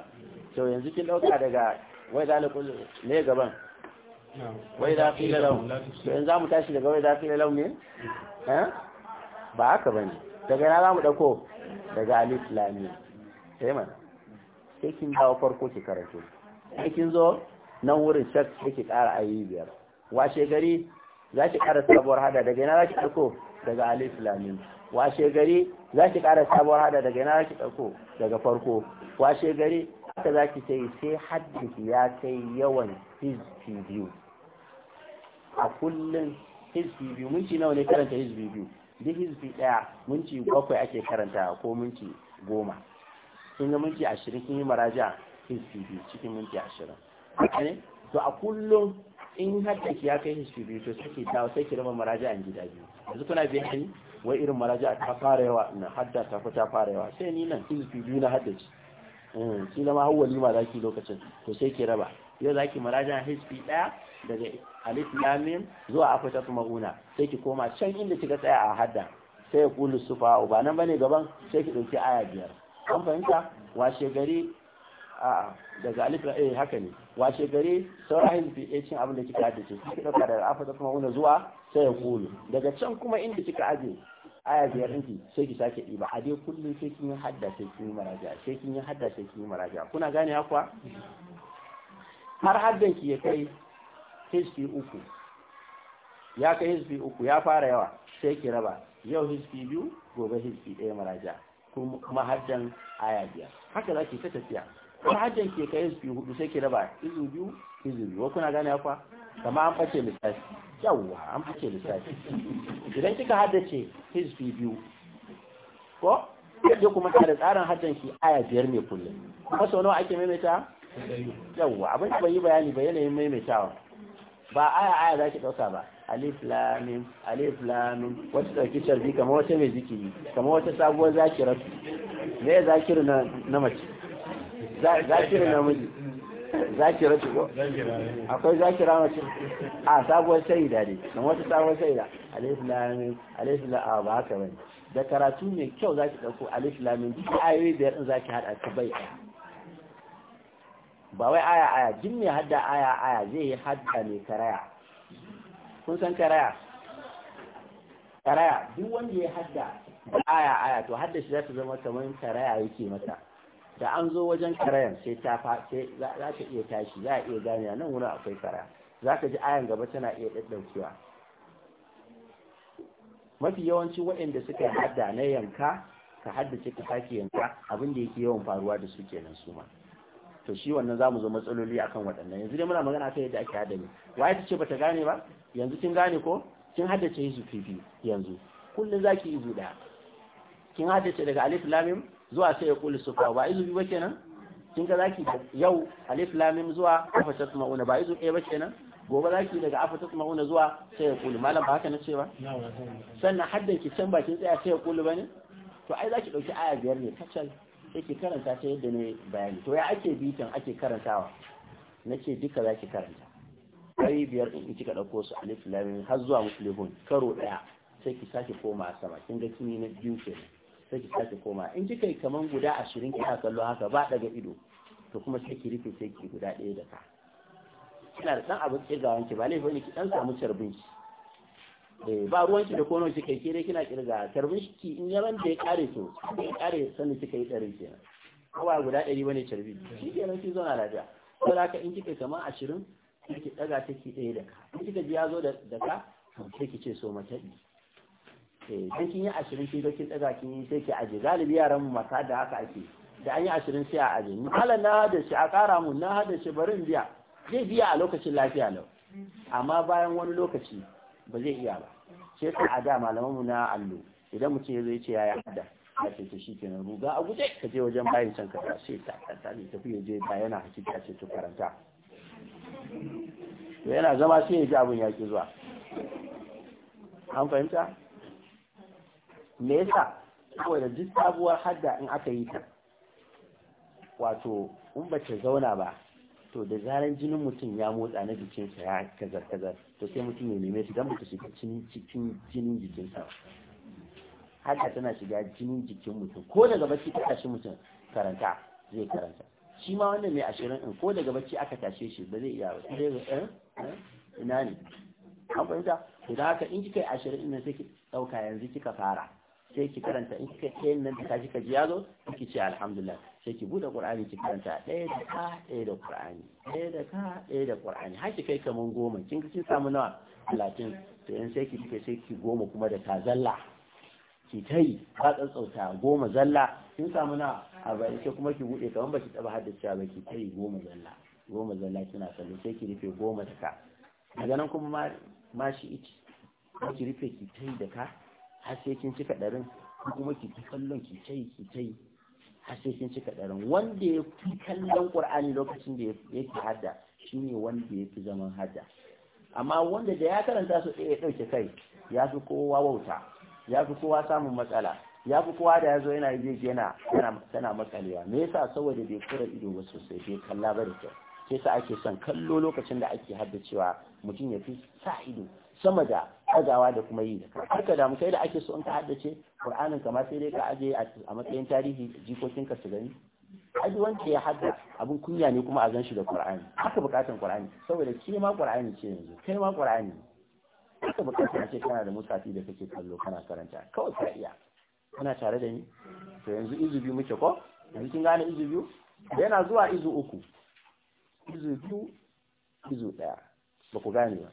to yanzu kin dauka daga wai zalikul ne gaban wai da fi lalau to yanzu za mu tashi daga wai da fi lalau ne eh? ba haka bane daga na za mu daga alif lami sai mana sai kin dawo farko ki karatu sai kin zo nan wurin shak sai ki ƙara ayi biyar washe gari za ki ƙara sabuwar hada daga na za ki daga alif lami washe gari za ki ƙara sabuwar hada daga na za ki daga farko washe gari haka za ki sai sai haddiki ya kai yawan hizbi biyu a kullum hizbi biyu mun ci nawa ne karanta hizbi biyu duk hizbi ɗaya minti bakwai ake karanta ko minti goma sun ga minti ashirin kun yi maraja hizbi biyu cikin minti ashirin to a kullum in har da ya kai hizbi biyu to sai ki dawo sai ki raba maraja an gida biyu yanzu kuna ni? wai irin maraja ta fara yawa na hadda ta ta fara yawa sai ni nan hizbi biyu na haddace eh, shi na ma hawwali ma zaki lokacin to sai ki raba yau za ki marajan hp ɗaya daga alif lamin zuwa akwai kuma una sai ki koma can inda kika tsaya a hadda sai ya kulu sufa ba nan bane gaban sai ki ɗauki aya biyar an fahimta washe gari a daga alif eh haka ne washe gari saura hizbi eh cin abin da kika sai ki dauka daga afata kuma wani zuwa sai ya kulu daga can kuma inda kika aje aya biyar ɗinki sai ki sake ɗiba a dai kullum sai kin yi hadda sai kin yi maraja sai kin yi hadda sai kin yi maraja kuna gane kuwa har haddanki ya kai hisbi uku ya kai hisbi uku ya fara yawa sai ki raba yau hisbi biyu gobe hisbi ɗaya maraja kuma haddan aya biyar haka za ki ta tafiya har haddan ki kai hisbi hudu sai ki raba izu biyu izu biyu kuna gane kwa kama an ɓace lissafi yawwa an ɓace lissafi idan kika haddace hisbi biyu ko yadda kuma tare tsarin haddan ki aya biyar ne kullum kuma sau nawa ake maimaita yawwa abin da yi bayani ba yanayin maimaitawa ba aya aya za ki ɗauka ba alif lamim alif lamim wata ɗauki sharbi kama wata mai zikiri kama wata sabuwar zakirar me zakiru na na mace zakiru na miji zakirar ko akwai zakira mace a sabuwar shaida ne kama wata sabuwar da alif lamim alif lamim ba haka bane da karatu mai kyau za ki ɗauko alif lamim ayoyi biyar ɗin za ki haɗa ta bai ba wai aya aya jin mai hadda aya aya zai yi hadda mai karaya kun san karaya karaya duk wanda ya hadda aya aya to hadda shi za zama kamar karaya yake mata da an zo wajen karayan sai ta fa sai za ta iya tashi za a iya gane nan wurin akwai karaya za ka ji ayan gaba tana iya daddaukewa mafi yawanci waɗanda suka hadda na yanka ka haddace ka sake yanka abinda yake yawan faruwa da su kenan su ma to shi wannan zamu zo matsaloli akan waɗannan yanzu dai muna magana akan yadda ake hadari wai ta ce bata gane ba yanzu kin gane ko kin haddace hizu fifi yanzu kullun zaki izu daya kin haddace daga alif lam zuwa sai ya kullu sufa ba izu ba kenan kin ga zaki yau alif lam zuwa afa tasma'una ba izu ɗaya ba kenan gobe zaki daga afa tasma'una zuwa sai ya kullu malam ba haka na ce ba sannan haddanki can can bakin tsaya sai ya kullu bane to ai zaki dauki aya biyar ne kacal yake karanta ta yadda ne bayani to ya ake bitan ake karantawa nace duka zaki karanta kai biyar in kika dauko su alif lam har zuwa muslimun karo daya sai ki sake koma sama kin ga kini na biyu ke sai ki sake koma in kika yi kaman guda 20 kina kallo haka ba daga ido to kuma sai ki rufe sai ki guda ɗaya da ka kina da dan abin ga ki ba laifin ki dan samu carbin Eh, ba ruwan shi da kono shi kai kere kina kirga tarbin shi in yaran da ya kare to ya kare sanin shi kai tsarin kenan kowa guda ɗari bane carbi shi nan shi na lafiya ko da ka in kika kama ashirin kike daga take ɗaya da ka in kika ji ya zo da ka sai ki ce so mata ɗi eh dan kin yi ashirin kin ga kin daga kin sai ki aje galibi yaran mu maka da haka ake da an yi ashirin sai a aje ni hala na da shi a kara mun na hada shi barin biya zai biya a lokacin lafiya lau amma bayan wani lokaci ba zai iya ba sai ka a da mu na allo idan mutum ya zo ya ce ya yi hada ya ce shi kenan ruga a guje ka je wajen bayan can ka sai ta kanta ne tafi ya je ba yana hakika ce to karanta to yana zama sai ya ji abin ya zuwa an fahimta me yasa saboda duk sabuwar hadda in aka yi ta wato in ba ta zauna ba to da zaran jinin mutum ya motsa na jikinsa ya kazar kazar to sai mutum ya neme don mutum shiga cikin jinin jikinsa haka tana shiga jinin jikin mutum ko daga bacci ta tashi mutum karanta zai karanta shi ma wannan mai ashirin in ko daga bacci aka tashe shi ba zai iya ba sai ga eh, eh, ina ne an fahimta idan haka in kika yi ashirin ɗin sai ki ɗauka yanzu kika fara sai ki karanta in kika yi nan da ka ji ka ji ya zo ki ce alhamdulillah sai ki bude qur'ani ki karanta ɗaya da ka ɗaya da qur'ani ɗaya da ka ɗaya da qur'ani har ki kai kaman goma kin kin samu nawa talatin to yan sai ki kike sai ki goma kuma da tazalla ki tai ka tsantsauta goma zalla kin samu nawa arba'in sai kuma ki bude kaman baki taba haddace ba ki tai goma zalla goma zalla kina sallu sai ki rufe goma da ka daga nan kuma ma shi ko ki rufe ki tai da ka har sai kin cika ɗarin kuma ki ta kallon ki tai ki tai har sai sun cika ɗarin wanda ya fi kallon ƙur'ani lokacin da yake hadda Shi ne wanda ya zaman hadda amma wanda da ya karanta su ɗaya ya ɗauke kai ya fi kowa wauta ya fi kowa samun matsala ya fi kowa da yazo zo yana yi yana tana matsalewa me yasa saboda bai kura ido ba sosai bai kalla ba da kyau sai sa ake son kallo lokacin da ake haddacewa mutum ya fi sa ido sama da ɗagawa da kuma yi haka da mu kai da ake so in ka haddace Qur'anin kama sai dai ka aje a matsayin tarihi ka su gani aji wanda ya hadda abin kunya ne kuma a ganshi da Qur'ani haka bukatan Qur'ani saboda ke ma Qur'ani ce yanzu kai ma Qur'ani haka bukatun ce kana da mutafi da kake kallo kana karanta kawai ka iya kana tare da ni to yanzu izu biyu muke ko yanzu kin gane izu biyu yana zuwa izu uku izu biyu izu daya ba ku gane ba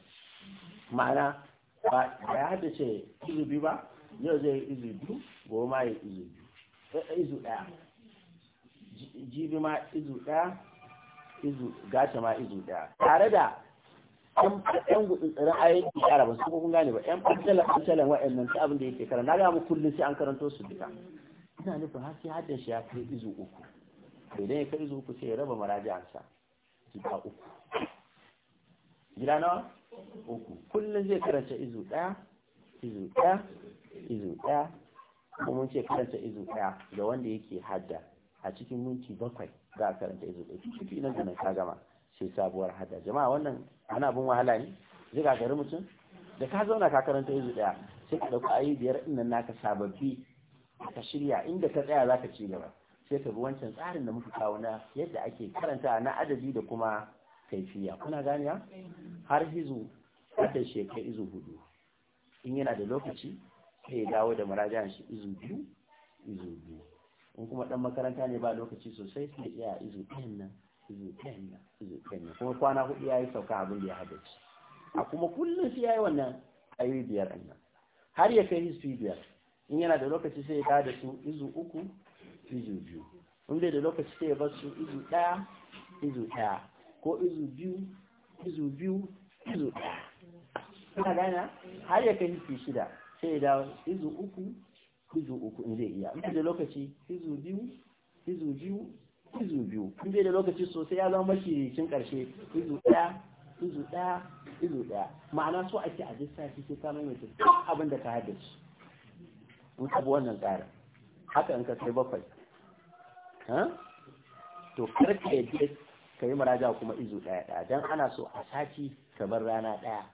ma'ana ba ya da ce izu biyu ba yau zai izu biyu gobe ma yi izu biyu eh, izu ɗaya jibi ma izu ɗaya izu gata ma izu ɗaya tare da yan gutsutsurin ayyukan yara ba su kuma gane ba yan fatalan fatalan waɗannan ta abin da yake kara na gama kullum sai an karanto su duka ina nufin haske hada shi ya kai izu uku idan ya kai izu uku sai ya raba maraji'ansa gida uku gida nawa uku kullum zai karanta izu ɗaya izu ɗaya izu ɗaya kuma ce karanta izu ɗaya da wanda yake hada a cikin minti bakwai za a karanta izu ɗaya ciki nan da nan ka gama sai sabuwar hada. jama'a wannan ana bin wahala ne zai gagari mutum da ka zauna ka karanta izu ɗaya sai ka ɗauki ayi biyar ɗin naka sababbi ka shirya inda ka tsaya za ka ci gaba sai ka bi wancan tsarin da muka kawo na yadda ake karanta na adadi da kuma kaifiya kuna gani har hizu hadda sheka izu hudu in yana da lokaci sai ya dawo da murajan shi izu biyu izu biyu in kuma dan makaranta ne ba lokaci sosai sai ya izu ɗayan nan izu ɗayan nan izu ɗayan nan kuma kwana hudu ya yi sauka abin da ya haddace a kuma kullum sai ya yi wannan ayoyi biyar ɗin nan har ya kai hisu biyar in yana da lokaci sai ya dawo da su izu uku izu biyu in bai da lokaci sai ya bar su izu ɗaya izu ɗaya ko izu biyu izu biyu izu ɗaya kuna gana har ya kai hiki shida sai da izu uku izu uku in zai iya in da lokaci izu biyu izu biyu izu biyu in bai da lokaci sosai ya zama mashiricin karshe izu ɗaya izu ɗaya izu ɗaya ma'ana so ake a jista shi ke samun mai duk abin da ka haddace in ka bi wannan tsarin haka in ka kai bakwai to karka yadda ka yi maraja kuma izu ɗaya ɗaya don ana so a sati ka bar rana ɗaya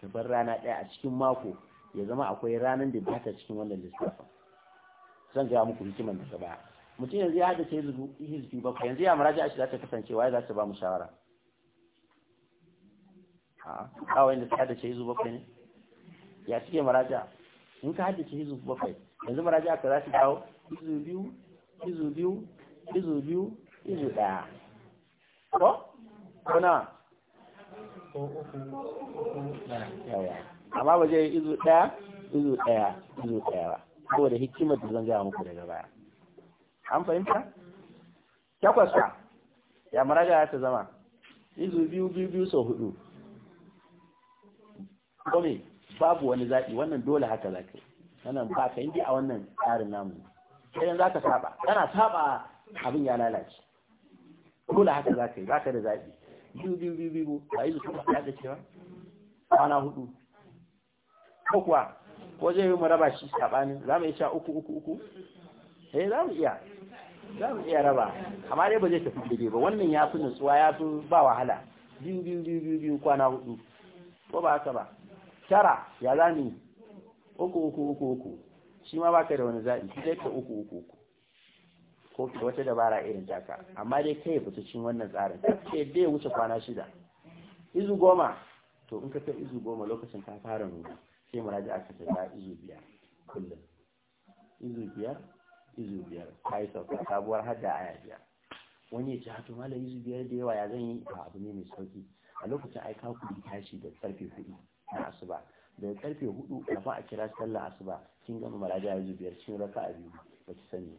ka bar rana ɗaya a cikin mako ya zama akwai ranar da ba ta cikin wannan lissafin zan gaya muku hikimar da baya mutum yanzu ya haɗa ta zubi ba yanzu ya maraja shi za ta kasance ya za ta ba mu shawara a wanda ta haɗa ta hizu bakwai ne ya cike maraja in ka haɗa ta hizu bakwai yanzu maraja ka za su kawo hizu biyu izu biyu izu biyu izu ɗaya ko? kuna amma ba zai izu ɗaya izu ɗaya izu ɗaya ba da hikimar da zan gaya muku daga baya an fahimta? takwas ka ya maraga ta zama izu biyu biyu biyu sau hudu kome babu wani zaɓi wannan dole haka za ka yi wannan ba ka yi a wannan tsarin namu idan za ka saba kana saba abin ya lalace dole haka za ka yi ba ka da zaɓi biyu biyu biyu biyu ba yi zuwa ya da cewa kwana hudu ko kuwa ko zai yi mu raba shi saɓanin za mu iya sha uku uku uku eh za mu iya za mu iya raba amma dai ba zai tafi daidai ba wannan ya fi nutsuwa ya fi ba wahala biyu biyu biyu biyu biyu kwana hudu ko ba haka ba tara ya za mu uku uku uku uku shi ma ka da wani zaɓi sai ka uku uku uku ko da wata dabara irin taka amma dai kai fita cikin wannan tsarin sai dai wuce kwana shida izu goma to in ka kai izu goma lokacin ka fara nuna sai raji aka ta izu biyar kullum izu biyar izu biyar ka yi sauka sabuwar hadda aya biyar wani ya ce hato malam izu biyar da yawa ya zan yi a abu ne mai sauki a lokacin ai ka kuɗi tashi da karfe hudu na asuba daga karfe hudu kafin a kira sallah asuba kin gama maraja izu biyar cin raka a biyu ba ki sani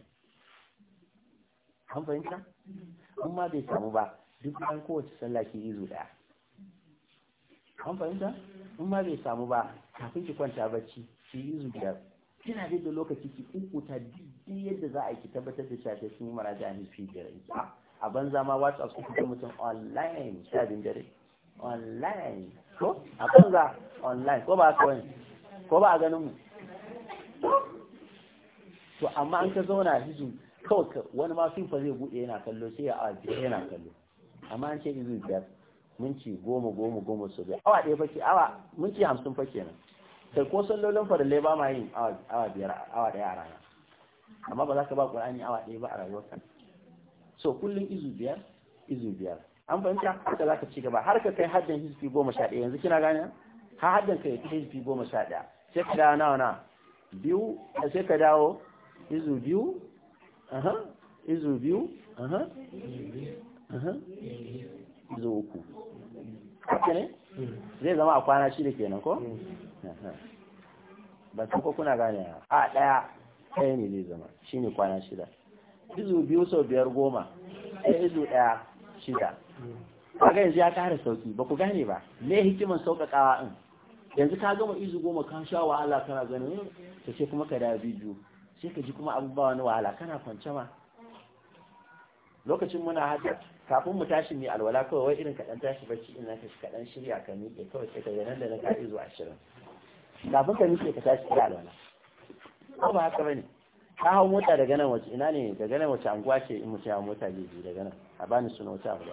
an fahimta amma bai samu ba duk an kowace sallah ki izu daya an fahimta in ma bai samu ba kafin ki kwanta bacci ki izu biyar kina da da lokaci ki kukuta duk yadda za a yi ki tabbatar da cewa sun yi da ne fi biyar a banza ma whatsapp su kuma mutum online shabin dare online ko a banza online ko ba kawai ko ba a ganin mu to amma an ka zauna hijin kawai wani ma fifa zai buɗe yana kallo sai ya ajiye yana kallo amma an ce izu biyar minci goma goma goma su biyar awa ɗaya fake awa minci hamsin fa kenan sai ko sallolin farillai ba ma yin awa biyar awa ɗaya a rana amma ba za ka ba ƙur'ani awa ɗaya ba a rayuwarka so kullum izu biyar izu biyar an fahimta haka za ka ci gaba har ka kai haddin hizbi goma sha ɗaya yanzu kina gane ha haddin ka yi hizbi goma sha ɗaya sai ka dawo nawa na biyu sai ka dawo izu biyu aha izu biyu aha izu uku haka ne zai zama a kwana shida kenan ko ba su ko kuna gane a daya ɗaya ne zai zama ne kwana shida izu biyu sau biyar goma ɗaya izu ɗaya shida kaga yanzu ya kara sauki ba ku gane ba me hikiman sauƙaƙawa in yanzu ka gama izu goma ka sha wahala kana ganin ta ce kuma ka da biyu sai ka ji kuma abubuwa na wahala kana kwance ma lokacin muna haka kafin mu tashi mai alwala kawai wai irin kaɗan tashi bacci ina ka kaɗan shirya ka miƙe kawai sai ka ga nan da na kaɗi zuwa ashirin kafin ka miƙe ka tashi ka alwala ko ba haka bane ka hau mota daga nan wace ina ne daga nan wace anguwa ce in mutum ya mota zai je daga nan a bani suna wata abu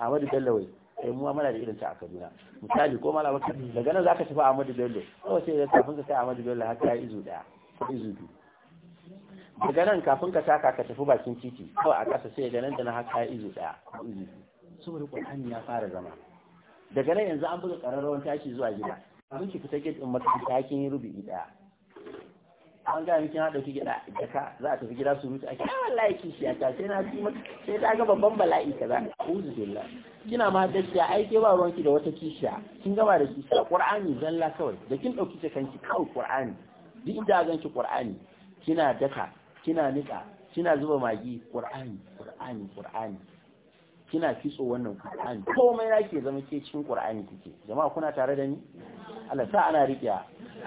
Ahmadu Bello wai sai eh mu mana da irin ta a Kaduna misali ko malama daga nan zaka tafi Ahmadu Bello kawai sai ka kafin ka kai Ahmadu Bello har ka izu daya izudu daga nan kafin ka taka ka tafi bakin titi kawai a ƙasa sai nan da na haka izu ɗaya izudu saboda ƙwarhani ya fara zama daga nan yanzu an buga ƙararrawar tashi zuwa gida abin ki fita gate mutum makaranta kin yi rubi ɗaya an gaya miki haɗa ɗauki gida jaka za a tafi gida su rutu ake yawan ah, layi shi ta sai na ci sai ta ga babban bala'i ka za a uzu billah kina ma dakiya ai ke ba ruwanki da wata kishiya kin gama da kishiya ƙur'ani zalla kawai da kin ɗauki kanki kawai ƙur'ani duk inda ganki qur'ani kina daka kina nika kina zuba magi qur'ani qur'ani qur'ani kina fitso wannan qur'ani komai ke zama ke cikin qur'ani kike jama'a kuna tare da ni Allah sa ana riƙiya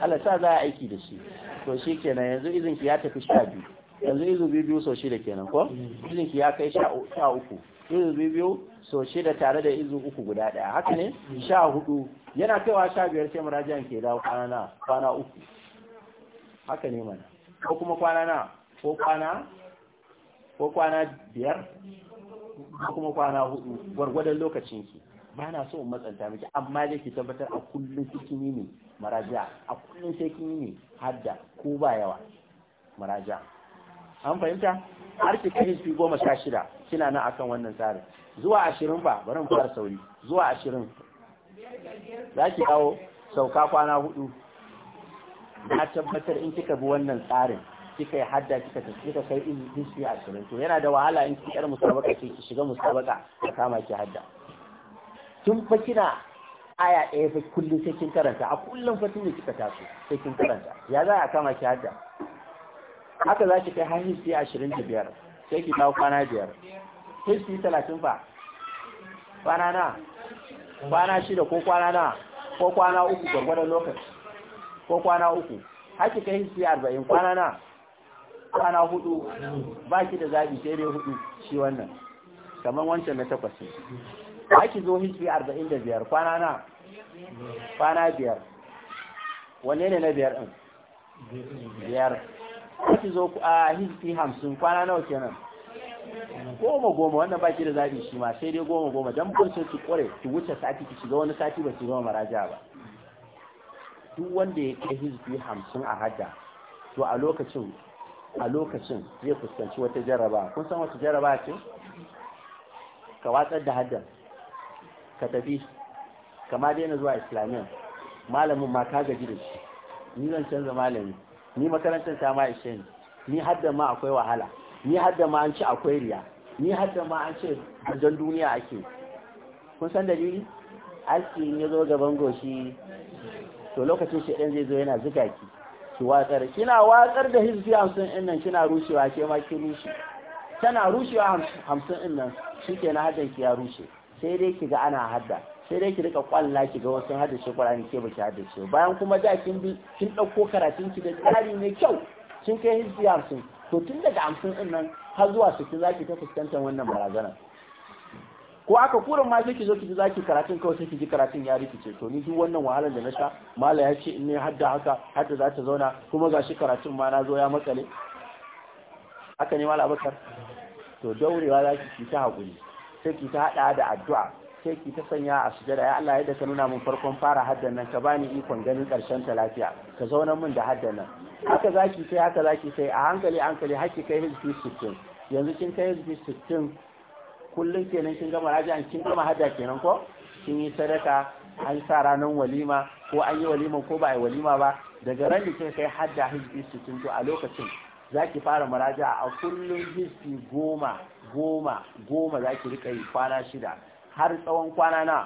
Allah sa za a aiki da shi to shi kenan yanzu izinki ya tafi sha biyu yanzu izu biyu biyu sau shida kenan ko izinki ya kai sha uku izu biyu biyu sau shida tare da izu uku guda ɗaya haka ne sha hudu yana kaiwa sha biyar sai murajiyan ke dawo kwana uku haka ne mana ko kuma kwana na ko kwana ko kwana biyar ko kuma kwana hudu gwargwadon lokacin ki ba na so in matsanta miki amma dai ki tabbatar a kullum cikin yi ne maraja a kullum sai kin yi ne hadda ko ba yawa maraja an fahimta har ki kai su goma sha shida kina nan akan wannan tsarin zuwa ashirin ba bari mu fara sauri zuwa ashirin za ki kawo sauka kwana hudu na tabbatar in kika bi wannan tsarin kika yi hadda kika tafi kika kai in a ashirin to yana da wahala in kika yar musabaka ce ki shiga musabaka ka kama ki hadda tun fa kina aya ɗaya fa kullum sai kin karanta a kullum fa tun kika taso sai kin karanta ya za a kama ki hadda haka za ki kai har history ashirin da biyar sai ki dawo kwana biyar history talatin fa kwana na kwana shida ko kwana na ko kwana uku gwargwadon lokaci ko kwana uku haki kai hiski arba'in kwana na kwana hudu ba ki da zaɓi sai dai hudu shi wannan kamar wancan na takwas ne haki zo hiski arba'in da biyar kwana na kwana biyar wanne ne na biyar ɗin biyar haki zo a hiski hamsin kwana nawa kenan goma goma wannan baki da zaɓi shi ma sai dai goma goma don kun ki kware ki wuce sati ki shiga wani sati ba ki gama maraja ba duk wanda ya kai hizbi hamsin a hajja, to a lokacin a lokacin zai fuskanci wata jaraba kun san wata jaraba ce ka watsar da hajjar. ka tafi kama daina zuwa Islamiyya. malamin ma ka gaji da shi ni zan canza malami ni makarantar ta ma ishe ni ni hadda ma akwai wahala ni hadda ma an ci akwai riya ni hadda ma an ce don duniya ake kun san dalili aski ya zo gaban goshi to lokacin shi shedan zai zo yana zuga ki ki watsar kina watsar da hizbi 50 din nan kina rushewa ke ma ki rushe tana rushewa 50 din nan shi na haddan ki ya rushe sai dai ki ga ana hadda sai dai ki rika kwalla ki ga wasu shi Qur'ani ke baki shi bayan kuma da kin bi kin dauko karatun ki da tsari mai kyau kin kai hizbi 50 to tun daga 50 din nan har zuwa za zaki ta fuskantar wannan barazana ko aka kura ma sai ki zo ki zaki karatun kawai sai ki ji karatun ya rikice to ni duk wannan wahalar da na sha mala ya ce in ne hadda haka hadda za ta zauna kuma gashi karatun ma na zo ya makale haka ne mala abakar to daurewa za ki ta hakuri sai ki ta hada da addu'a sai ki ta sanya a sujada ya Allah yadda ka nuna mun farkon fara haddan nan ka bani ikon ganin karshen ta lafiya ka zauna mun da haddan nan haka zaki sai haka zaki sai a hankali hankali hakki kai hizbi 60 yanzu kin kai hizbi 60 kullum kenan kin gama raji an kin gama hajja kenan ko kin yi sadaka an sa ranar walima ko an yi walima ko ba a yi walima ba daga ran da kin kai hajja hijji sittin to a lokacin zaki fara maraja a kullum hijji goma goma goma za rika yi kwana shida har tsawon kwana na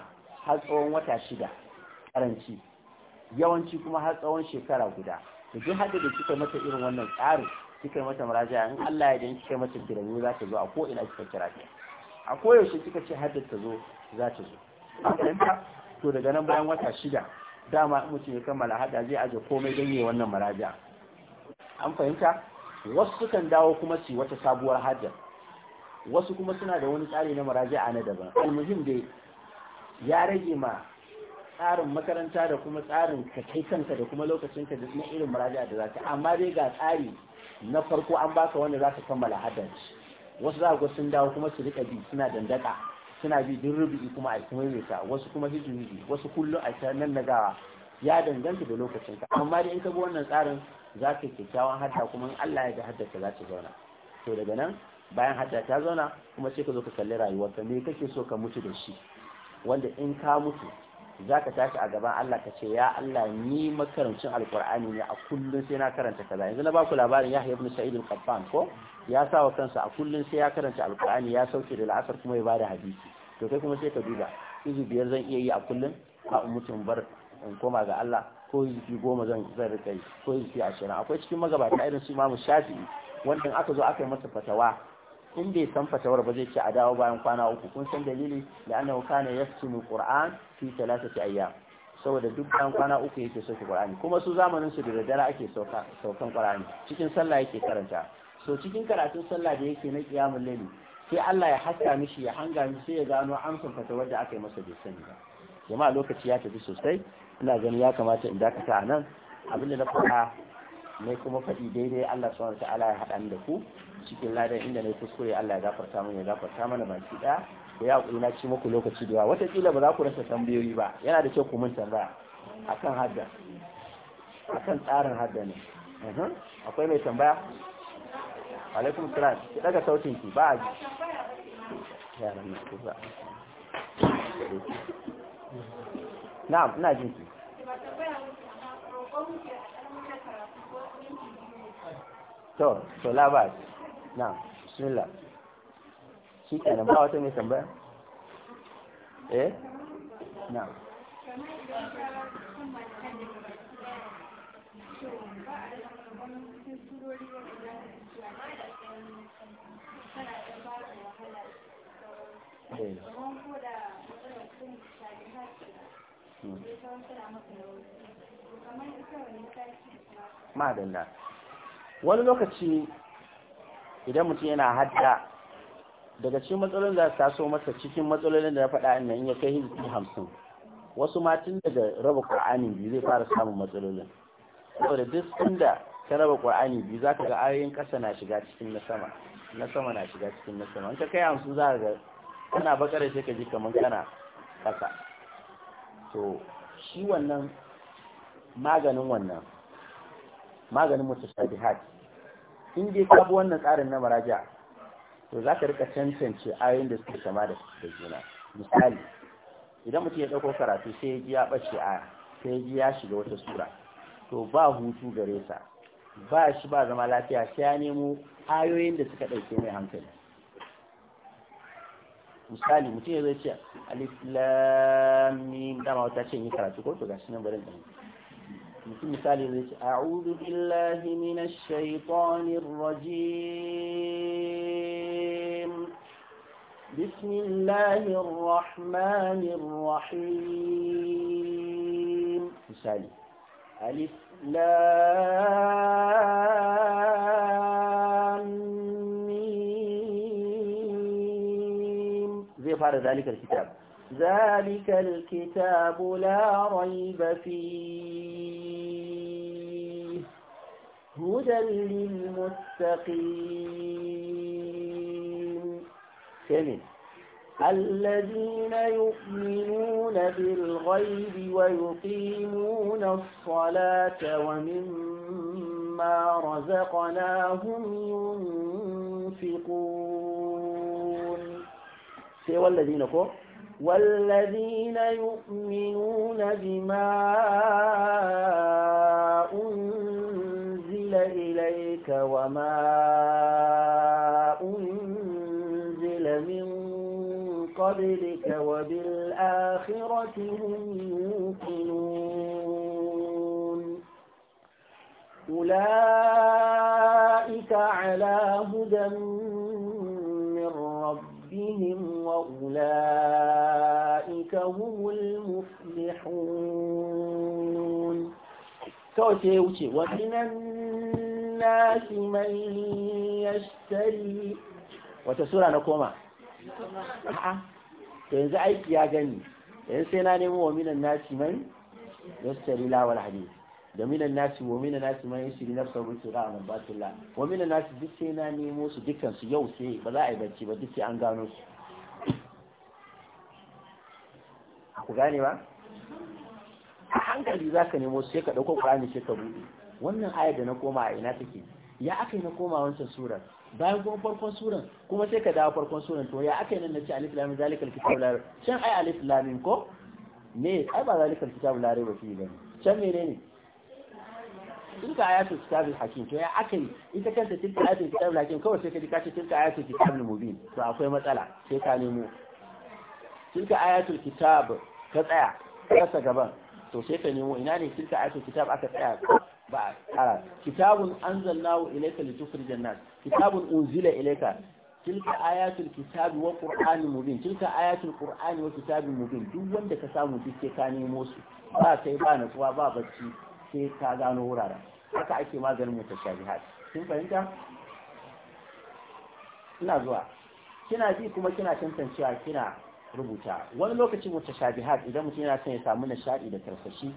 har tsawon wata shida karanci yawanci kuma har tsawon shekara guda da duk hada da kika mata irin wannan tsarin kika mata maraja in Allah ya dan kika mata kirawo za ta zo a ko ina kika kira ta a koyaushe kika ce haddar ta zo za ta zo to daga nan bayan wata shida dama mutum ya kammala hada zai aje komai don yi wannan maraja an fahimta wasu sukan dawo kuma su wata sabuwar hajjar wasu kuma suna da wani tsari na maraja na daban almuhim dai ya rage ma tsarin makaranta da kuma tsarin ka kai kanka da kuma lokacin ka irin maraja da za ka amma dai ga tsari na farko an baka wanda za ka kammala shi wasu za sun dawo kuma su rika bi suna dandaka suna bi din rubi kuma a kuma maimaita wasu kuma hijiri wasu kullum a ta nan gawa ya danganta da lokacin ka amma dai in ka bi wannan tsarin za ka kyakkyawan hadda kuma in Allah ya ga hadda za ta zauna to daga nan bayan hadda ta zauna kuma sai ka zo ka kalli rayuwarka me kake so ka mutu da shi wanda in ka mutu za ka tashi a gaban Allah ka ce ya Allah ni makarancin alkur'ani ne a kullum sai na karanta kaza yanzu na baku labarin Yahya ibn Sa'id al ko ya sa wa kansa a kullun sai ya karanta alkur'ani ya sauke da la'asar kuma ya bada hadisi to kai kuma sai ka duba izu biyar zan iya yi a kullum a mutum bar in koma ga Allah ko izu goma zan zan rika yi ko izu ashirin akwai cikin magabata irin su Imam Shafi'i wanda aka zo aka yi masa fatawa in bai san fatawar ba zai ce a dawo bayan kwana uku kun san dalili da ana kana na qur'an fi thalathati ayyam saboda duk bayan kwana uku yake sauke qur'ani kuma su zamanin su da daddare ake saukan qur'ani cikin sallah yake karanta so cikin karatun sallah da yake na qiyamul layl sai Allah ya haska mishi ya hanga mishi sai ya gano amsar fatawar da aka yi masa bai sani ba jama'a lokaci ya tafi sosai ina ganin ya kamata in dakata a nan abinda na fara ne kuma faɗi daidai Allah subhanahu ta'ala ya haɗa da ku cikin ladan inda ne kuskure Allah ya gafarta mana ya gafarta mana baki ɗaya ko ya hakuri na ci muku lokaci da yawa wataƙila ba za ku rasa tambayoyi ba yana da kyau ku mun tambaya akan hadda akan tsarin hadda ne uhm, akwai mai tambaya alaikum salam ki daga sautin ki ba ji yaran ku za na'am ina jin ki to to labas na bismillah shi kenan ba wata mai tambaya eh na wani lokaci idan mutum yana hadda daga cikin matsalolin za su taso masa cikin matsalolin da na faɗa nan ya kai hizbi hamsin wasu ma tun daga raba ƙur'ani biyu zai fara samun matsalolin saboda duk inda ka raba ƙur'ani biyu za ka ga ayoyin ƙasa na shiga cikin na sama na sama na shiga cikin na sama in ka kai hamsin za ka ga kana bakar sai ka ji kamar kana ƙasa to shi wannan maganin wannan maganin mutashabihat in dai ka bi wannan tsarin na maraja to za ka rika cancance ayoyin da suke sama da juna misali idan mutum ya dauko karatu sai ya ji ya ɓace aya sai ya ji ya shiga wata sura to ba hutu gare sa ba shi ba zama lafiya sai ya nemo ayoyin da suka ɗauke mai hankali misali mutum ya zai ce alif lam mim dama wata ce yi karatu ko to gashi nan barin dan مثال يعني أعوذ بالله من الشيطان الرجيم بسم الله الرحمن الرحيم مثال ألف لام زيف على ذلك الكتاب ذلك الكتاب لا ريب فيه هدى للمتقين ثمن الذين يؤمنون بالغيب ويقيمون الصلاة ومما رزقناهم ينفقون سوى الذين فوق والذين يؤمنون بما أنزل إليك وما أنزل من قبلك وبالآخرة هم يوقنون أولئك على هدى من ربهم وأولئك هم المفلحون kawai sai ya wuce wa minan nasi man yashtari wata sura na koma a'a to yanzu aiki ya gani yanzu sai na nemo wa minan nasi man yashtari lawal hadith da minan nasi wa minan nasi man yashri na bi sura a batilla wa minan nasi duk sai na nemo su dukansu yau sai ba za a yi bacci ba duk sai an gano su ku gane ba a hankali za ka nemo sai ka ɗauko ƙur'ani sai ka buɗe wannan ayar da na koma a ina take ya aka yi na koma wancan surar bayan kuma farkon suran kuma sai ka dawo farkon suran to ya aka yi nan na ce alif lamin zalikal kitab la can ai alif lamin ko me ai ba zalikal kitab la raiba fi ne can menene tilka ayatul kitabul hakim to ya aka yi ita kanta tilka ayatul kitabul hakim kawai sai ka dika ce tilka ayatul kitabul mubin to akwai matsala sai ka nemo tilka ayatu kitab ka tsaya kasa gaban to sai ka nemo ina ne tilka ayatul kitab aka tsaya ba a kara kitabun anzalnahu ilayka litukhrijan nas kitabun unzila ilayka tilka ayatul kitab wa qur'an mubin tilka ayatul qur'an wa kitab mubin duk wanda ka samu duk ka nemo su ba sai ba natsuwa ba bacci sai ka gano wurare haka ake maganin mutashabihat kin fahimta ina zuwa kina ji kuma kina tantancewa kina rubuta wani lokacin wata mutashabihat idan mutum yana son ya samu nishadi da karsashi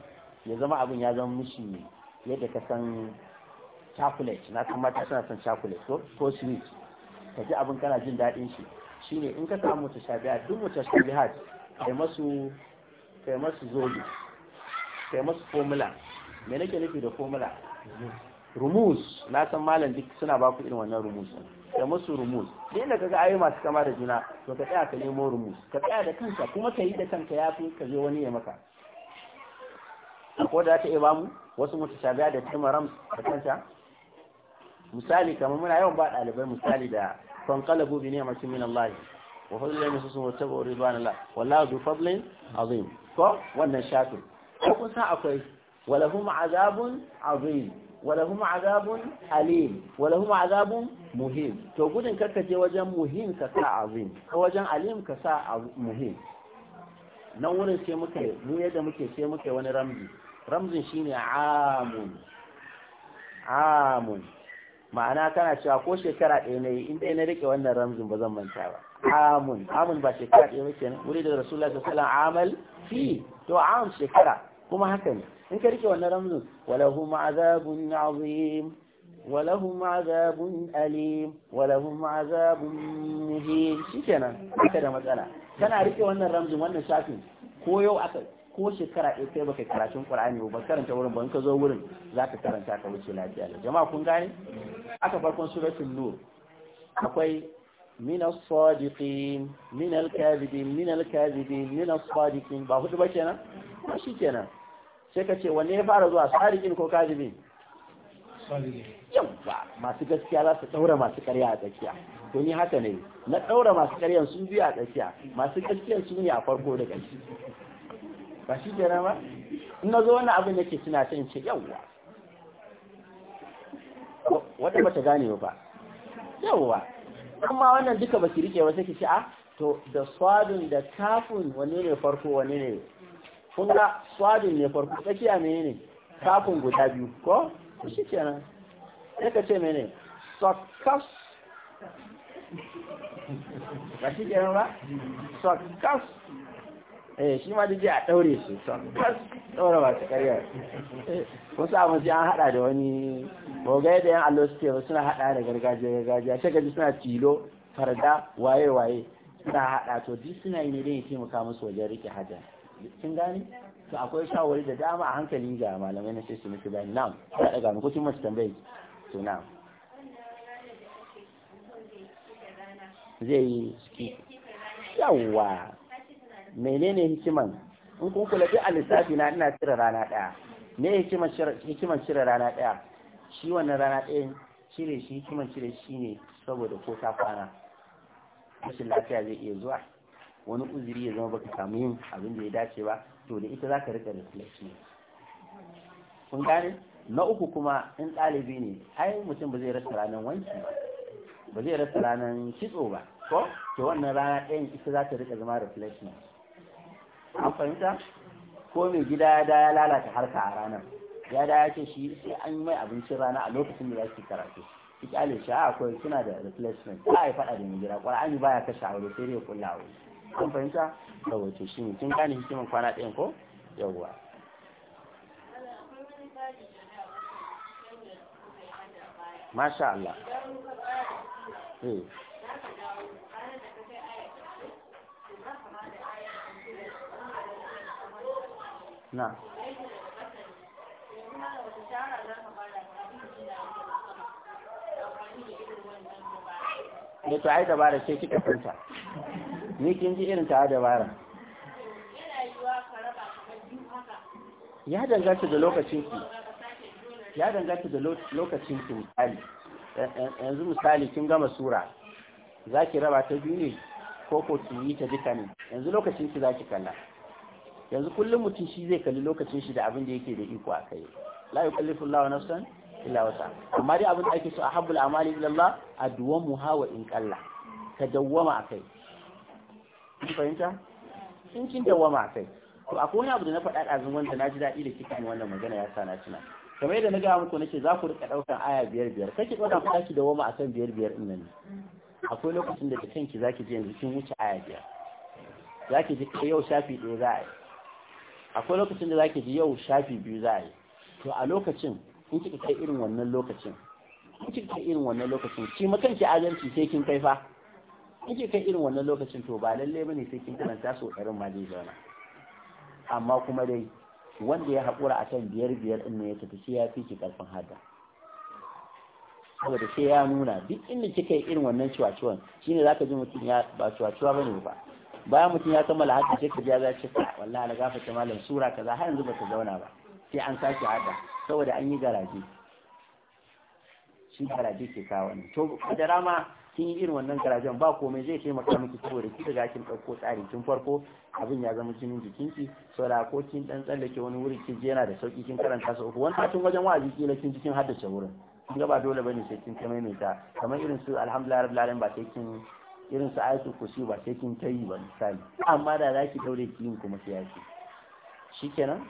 ya zama abin ya zama mishi yadda ka san chocolate na san mata suna son chocolate ko sweet ka ji abin kana jin daɗin shi shine in ka samu mutashabihat duk mutashabihat kai masu kai masu zobe kai masu formula me nake nufi da formula rumus na san malam duk suna ba ku irin wannan rumus da musu rumus duk da kaga ayoyi masu kama da juna to ka tsaya ka nemo rumus ka tsaya da kanka kuma ka yi da kanka yafi ka je wani ya maka ko da ta iya bamu wasu shabiya da timarams da kanta misali kamar muna yawan ba ɗalibai misali da fanqalabu bi ni'matin min Allah wa fadlan min susu wa ba ridwan la wallahu bi fadlin azim ko wannan shafin ko kun san akwai walahum azabun azim walahum azabun alim walahum azabun muhim to gudun karkace wajen muhim ka sa azim ko wajen alim ka sa muhim nan wurin sai muke, mu yadda muke sai muke wani ramzi ramzin shine amun amun ma'ana kana cewa ko shekara ɗaya ne in ɗaya na rike wannan ramzin ba zan manta ba amun amun ba shekara ɗaya muke nan wuri da rasulullah sallallahu alaihi wasallam amal fi to Amun shekara kuma haka ne in ka rike wannan ramzin walahum azabun azim walahum azabun alim walahum azabun muhim shikenan haka da matsala kana rike wannan ramzin wannan shafin ko yau aka ko shekara ɗaya kai baka karatun Qur'ani ba karanta wurin ba in ka zo wurin zaka karanta ka wuce lafiya da jama'a kun gane aka farkon suratul nur akwai min as-sadiqin min al-kadhibin min al-kadhibin min as-sadiqin ba hudu ba kenan ba kenan sai ka ce wanne ya fara zuwa sarikin ko kadibin yawwa masu gaskiya za su daura masu karya a tsakiya to ni haka ne na daura masu karyan sun biya a tsakiya masu gaskiya su ne a farko da gaske ba shi kenan ba in na zo wani abin yake suna ta ce yawwa wata bata gane ba yawwa amma wannan duka ba ki rike ba sai ki ce a ah, to da swadun da kafin wani ne farko wani ne Kunga ga swadin ne farko tsakiya mene ne kafin guda biyu ko shi kenan sai ka ce mene sakas ba shi kenan ba sakas eh shi ma dije a daure su sakas daura ba ta karyar eh, kun sa sai an hada da wani bogai da yan allo suke suna hada da gargajiya gargajiya sai ka ji suna tilo farda waye waye suna hada to duk suna yi ne dai ya taimaka musu wajen rike hajar kin gane to akwai shawari da dama a hankali ga malamai na sai su miki bayani na'am ya daga mu ko kin tambaye to na'am zai yi ski yawa menene hikiman in kun kula duk a na ina cire rana daya me hikiman cire rana daya shi wannan rana shi cire shi hikiman cire shi ne saboda ko ta kwana rashin lafiya zai iya zuwa wani uzuri ya zama baka samu yin abin da ya dace ba to da ita zaka rika reflection kun gane na uku kuma in ɗalibi ne ai mutum ba zai rasa ranar wanki ba ba zai rasa ranar kitso ba ko to wannan rana ɗayan ita za ta rika zama reflection an fahimta ko mai gida da ya lalata harka a ranar ya da ya ce shi sai an yi mai abincin rana a lokacin da za su karatu ita ale shi akwai suna da reflection ba a yi faɗa da mai gida ƙwararri baya kashe aure sai dai kulla aure kun fahimta yawa to shi ne kin gane hikiman kwana ɗayan ko yawwa masha Allah eh. na ne eh, ta aita ba da ce kika fanta ni kin ji irin ta dabara ya danganta da lokacin ki ya danganta da lokacin ki misali yanzu misali kin gama sura zaki raba ta biyu ko ko ki yi ta duka ne yanzu lokacin ki zaki kalla yanzu kullum mutum shi zai kalli lokacin shi da abin da yake da iko a kai la yukallifu Allahu nafsan illa wasa amma dai abin da ake so ahabbul amali ila Allah adwamuha wa in kalla, ka dawwama akai kun fahimta in kin dawama kai to akwai wani abu da na faɗa ɗazun wanda na ji daɗi da kika wannan magana ya sa na tuna kamar yadda na gaya muku nake za ku rika ɗaukar aya biyar biyar kake ɗauka faɗa ki dawama akan biyar biyar ɗin nan akwai lokacin da kanki ki je yanzu kin wuce aya biyar Za ki ji yau shafi ɗaya za a yi akwai lokacin da za ki ji yau shafi biyu za a yi to a lokacin in kika kai irin wannan lokacin in kika kai irin wannan lokacin ki makanki adalci sai kin kai fa kike kai irin wannan lokacin to ba lalle bane sai kin karanta so ɗarin ma zai zauna amma kuma dai wanda ya haƙura a kan biyar biyar ɗin ne ya tafi sai ya fi ki ƙarfin hada saboda sai ya nuna duk inda kika yi irin wannan ciwaciwan shine zaka ji mutum ya ba ciwaciwa bane ba bayan mutum ya kammala haka sai ka ji ya ce wallahi na gafarta malam sura kaza har yanzu bata zauna ba sai an sake hada saboda an yi garaje shi garaje ke kawo ne to da kin yi irin wannan garajen ba komai zai taimaka miki saboda ki daga kin ɗauko tsarin kin farko abin ya zama jinin jikinki da ko kin dan tsallake wani wuri kin je yana da sauki kin karanta su uku wani hatin wajen wa'azi kila kin jikin haddace wurin kin ga ba dole bane sai kin kamai mai ta kamar irin su alhamdulillah rabbil alamin ba sai kin irin su ayatul kursi ba sai kin tayi ba misali amma da zaki daure ki yin kuma sai yaki shikenan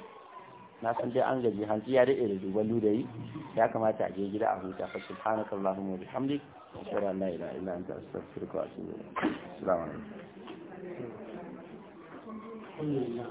na san dai an gaji hanji ya daɗe da duban ya kamata a je gida a huta fa subhanakallahumma wa bihamdika أشهد أن لا إله إلا أنت أستغفرك وأتوب إليك السلام عليكم الحمد لله